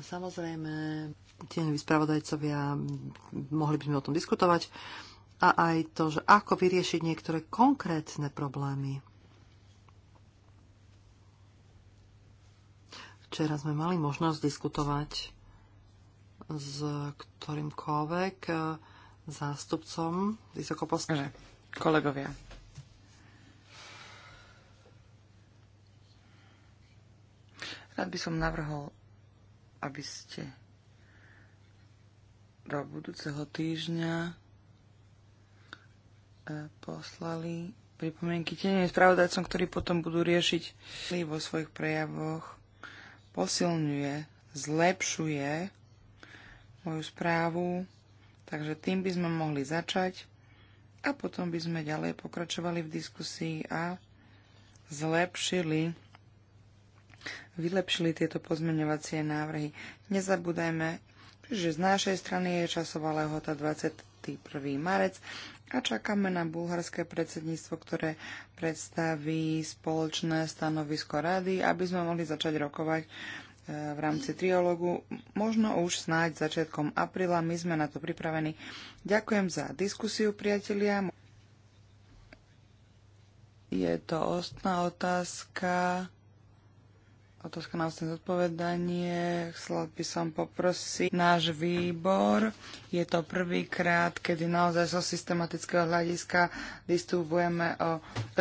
samozrejme noví spravodajcovia mohli by sme o tom diskutovať a aj to, že ako vyriešiť niektoré konkrétne problémy Včera sme mali možnosť diskutovať s ktorýmkoľvek eh, zástupcom vysokoposkáže. Kolegovia, Rád by som navrhol, aby ste do budúceho týždňa eh, poslali pripomienky teniem spravodajcom, ktorí potom budú riešiť vo svojich prejavoch posilňuje, zlepšuje moju správu, takže tým by sme mohli začať a potom by sme ďalej pokračovali v diskusii a zlepšili vylepšili tieto pozmeňovacie návrhy. Nezabúdajme, že z našej strany je časová lehota 21. marec a čakáme na bulharské predsedníctvo, ktoré predstaví spoločné stanovisko rady, aby sme mohli začať rokovať e, v rámci triologu. možno už snáď začiatkom apríla. My sme na to pripravení. Ďakujem za diskusiu, priatelia. Je to ostná otázka otázka na vlastné zodpovedanie. Chcel by som poprosiť náš výbor. Je to prvýkrát, kedy naozaj zo systematického hľadiska o,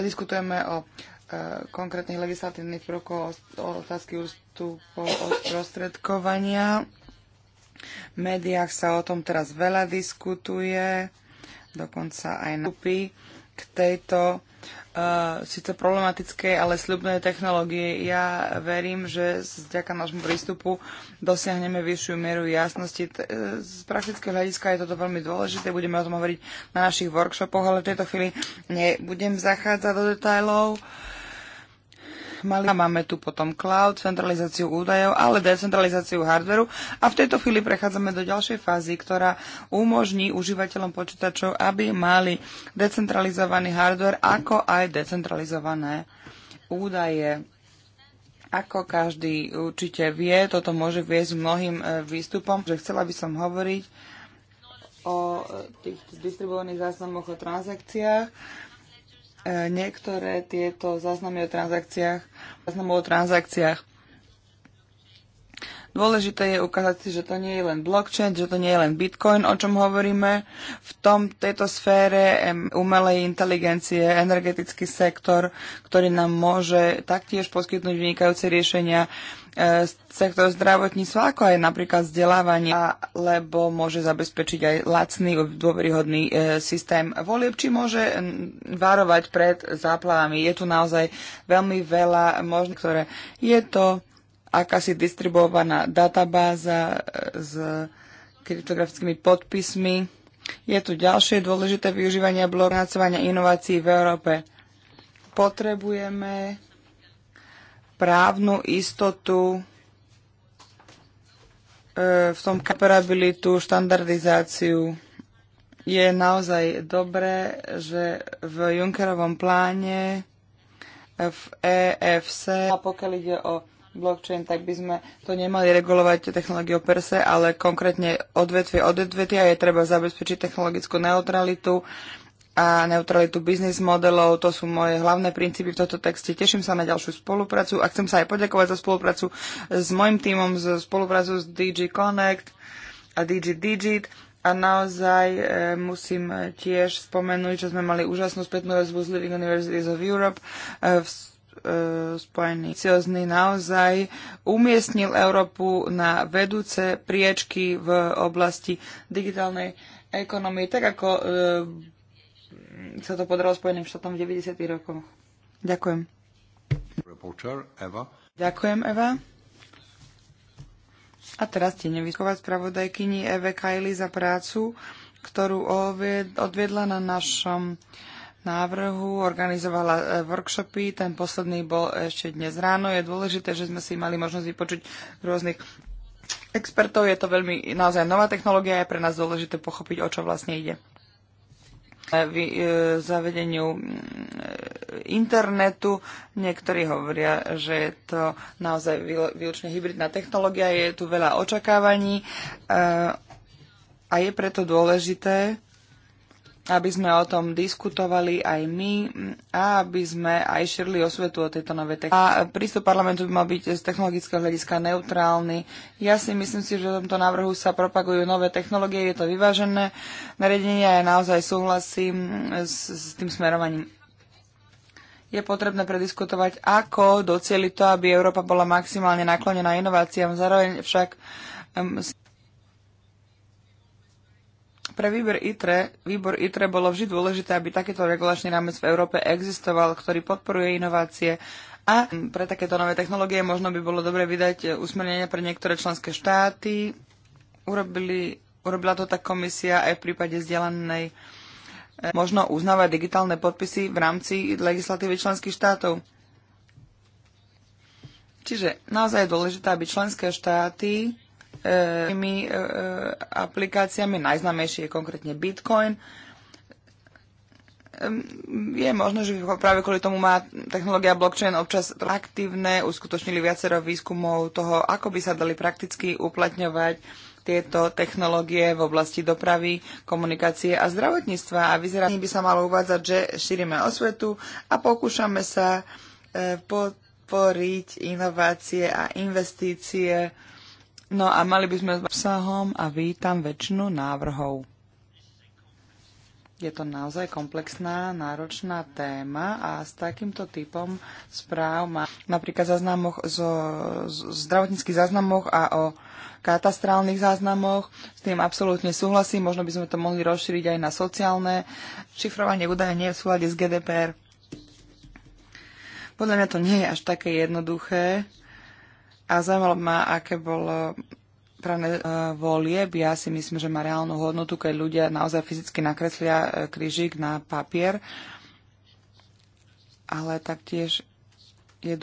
diskutujeme o e, konkrétnych legislatívnych prvkov o, otázky ústupov od prostredkovania. V médiách sa o tom teraz veľa diskutuje, dokonca aj na k tejto síce problematickej, ale sľubnej technológie. Ja verím, že vďaka nášmu prístupu dosiahneme vyššiu mieru jasnosti. E, z praktického hľadiska je toto veľmi dôležité, budeme o tom hovoriť na našich workshopoch, ale v tejto chvíli nebudem zachádzať do detajlov. Uh, mali. Máme tu potom cloud, centralizáciu údajov, ale decentralizáciu hardveru a v tejto chvíli prechádzame do ďalšej fázy, ktorá umožní užívateľom počítačov, aby mali decentralizovaný hardware ako aj decentralizované údaje. Ako každý určite vie, toto môže viesť mnohým e, výstupom, že chcela by som hovoriť o e, tých distribuovaných záznamoch o transakciách E, niektoré tieto záznamy o transakciách, záznamy o transakciách. Dôležité je ukázať si, že to nie je len blockchain, že to nie je len bitcoin, o čom hovoríme. V tom, tejto sfére umelej inteligencie, energetický sektor, ktorý nám môže taktiež poskytnúť vynikajúce riešenia, Eh, sektor zdravotníctva, ako aj napríklad vzdelávanie, lebo môže zabezpečiť aj lacný, dôveryhodný eh, systém volieb, či môže varovať pred záplavami. Je tu naozaj veľmi veľa možných, ktoré je to akási distribuovaná databáza eh, s kryptografickými podpismi. Je tu ďalšie dôležité využívanie blokácovania inovácií v Európe. Potrebujeme právnu istotu e, v tom kaperabilitu, štandardizáciu. Je naozaj dobré, že v Junckerovom pláne e, v EFC, a pokiaľ ide o blockchain, tak by sme to nemali regulovať technológiou per se, ale konkrétne odvetvie od odvetvia je treba zabezpečiť technologickú neutralitu a neutralitu biznis modelov. To sú moje hlavné princípy v tomto texte. Teším sa na ďalšiu spoluprácu a chcem sa aj poďakovať za spoluprácu s mojim tímom, za spoluprácu s DG Connect a DG Digit. A naozaj e, musím tiež spomenúť, že sme mali úžasnú spätnú väzbu z Living Universities of Europe e, v e, spojený Ciozny naozaj umiestnil Európu na vedúce priečky v oblasti digitálnej ekonomie, tak ako e, sa to podarilo Spojeným štátom v 90. rokoch. Ďakujem. Reporter, Eva. Ďakujem, Eva. A teraz ti nevyskovať spravodajkyni Eve Kajli za prácu, ktorú odviedla na našom návrhu, organizovala e, workshopy, ten posledný bol ešte dnes ráno. Je dôležité, že sme si mali možnosť vypočuť rôznych expertov. Je to veľmi naozaj nová technológia, je pre nás dôležité pochopiť, o čo vlastne ide. E, zavedeniu internetu. Niektorí hovoria, že je to naozaj výlučne hybridná technológia, je tu veľa očakávaní e, a je preto dôležité, aby sme o tom diskutovali aj my a aby sme aj šírili osvetu o tejto novej technológii. A prístup parlamentu by mal byť z technologického hľadiska neutrálny. Ja si myslím si, že v tomto návrhu sa propagujú nové technológie, je to vyvážené Naredenie je naozaj súhlasím s, s tým smerovaním. Je potrebné prediskutovať, ako docieliť to, aby Európa bola maximálne naklonená inováciám, zároveň však um, pre výbor ITRE, výbor ITRE bolo vždy dôležité, aby takýto regulačný rámec v Európe existoval, ktorý podporuje inovácie a pre takéto nové technológie možno by bolo dobre vydať e, usmernenia pre niektoré členské štáty. Urobili, urobila to tak komisia aj v prípade vzdelanej e, možno uznávať digitálne podpisy v rámci legislatívy členských štátov. Čiže naozaj je dôležité, aby členské štáty E, tými e, e, aplikáciami. Najznámejší je konkrétne Bitcoin. Je možné, že práve kvôli tomu má technológia blockchain občas aktívne, uskutočnili viacero výskumov toho, ako by sa dali prakticky uplatňovať tieto technológie v oblasti dopravy, komunikácie a zdravotníctva. A vyzerá, by sa malo uvádzať, že šírime osvetu a pokúšame sa podporiť inovácie a investície No a mali by sme s obsahom a vítam väčšinu návrhov. Je to naozaj komplexná, náročná téma a s takýmto typom správ má napríklad záznamoch zo, z, zdravotníckých záznamoch a o katastrálnych záznamoch. S tým absolútne súhlasím, možno by sme to mohli rozšíriť aj na sociálne. Šifrovanie údaje nie je v súlade s GDPR. Podľa mňa to nie je až také jednoduché a zaujímalo ma, aké bolo právne e, volieb. Ja si myslím, že má reálnu hodnotu, keď ľudia naozaj fyzicky nakreslia e, krížik na papier. Ale taktiež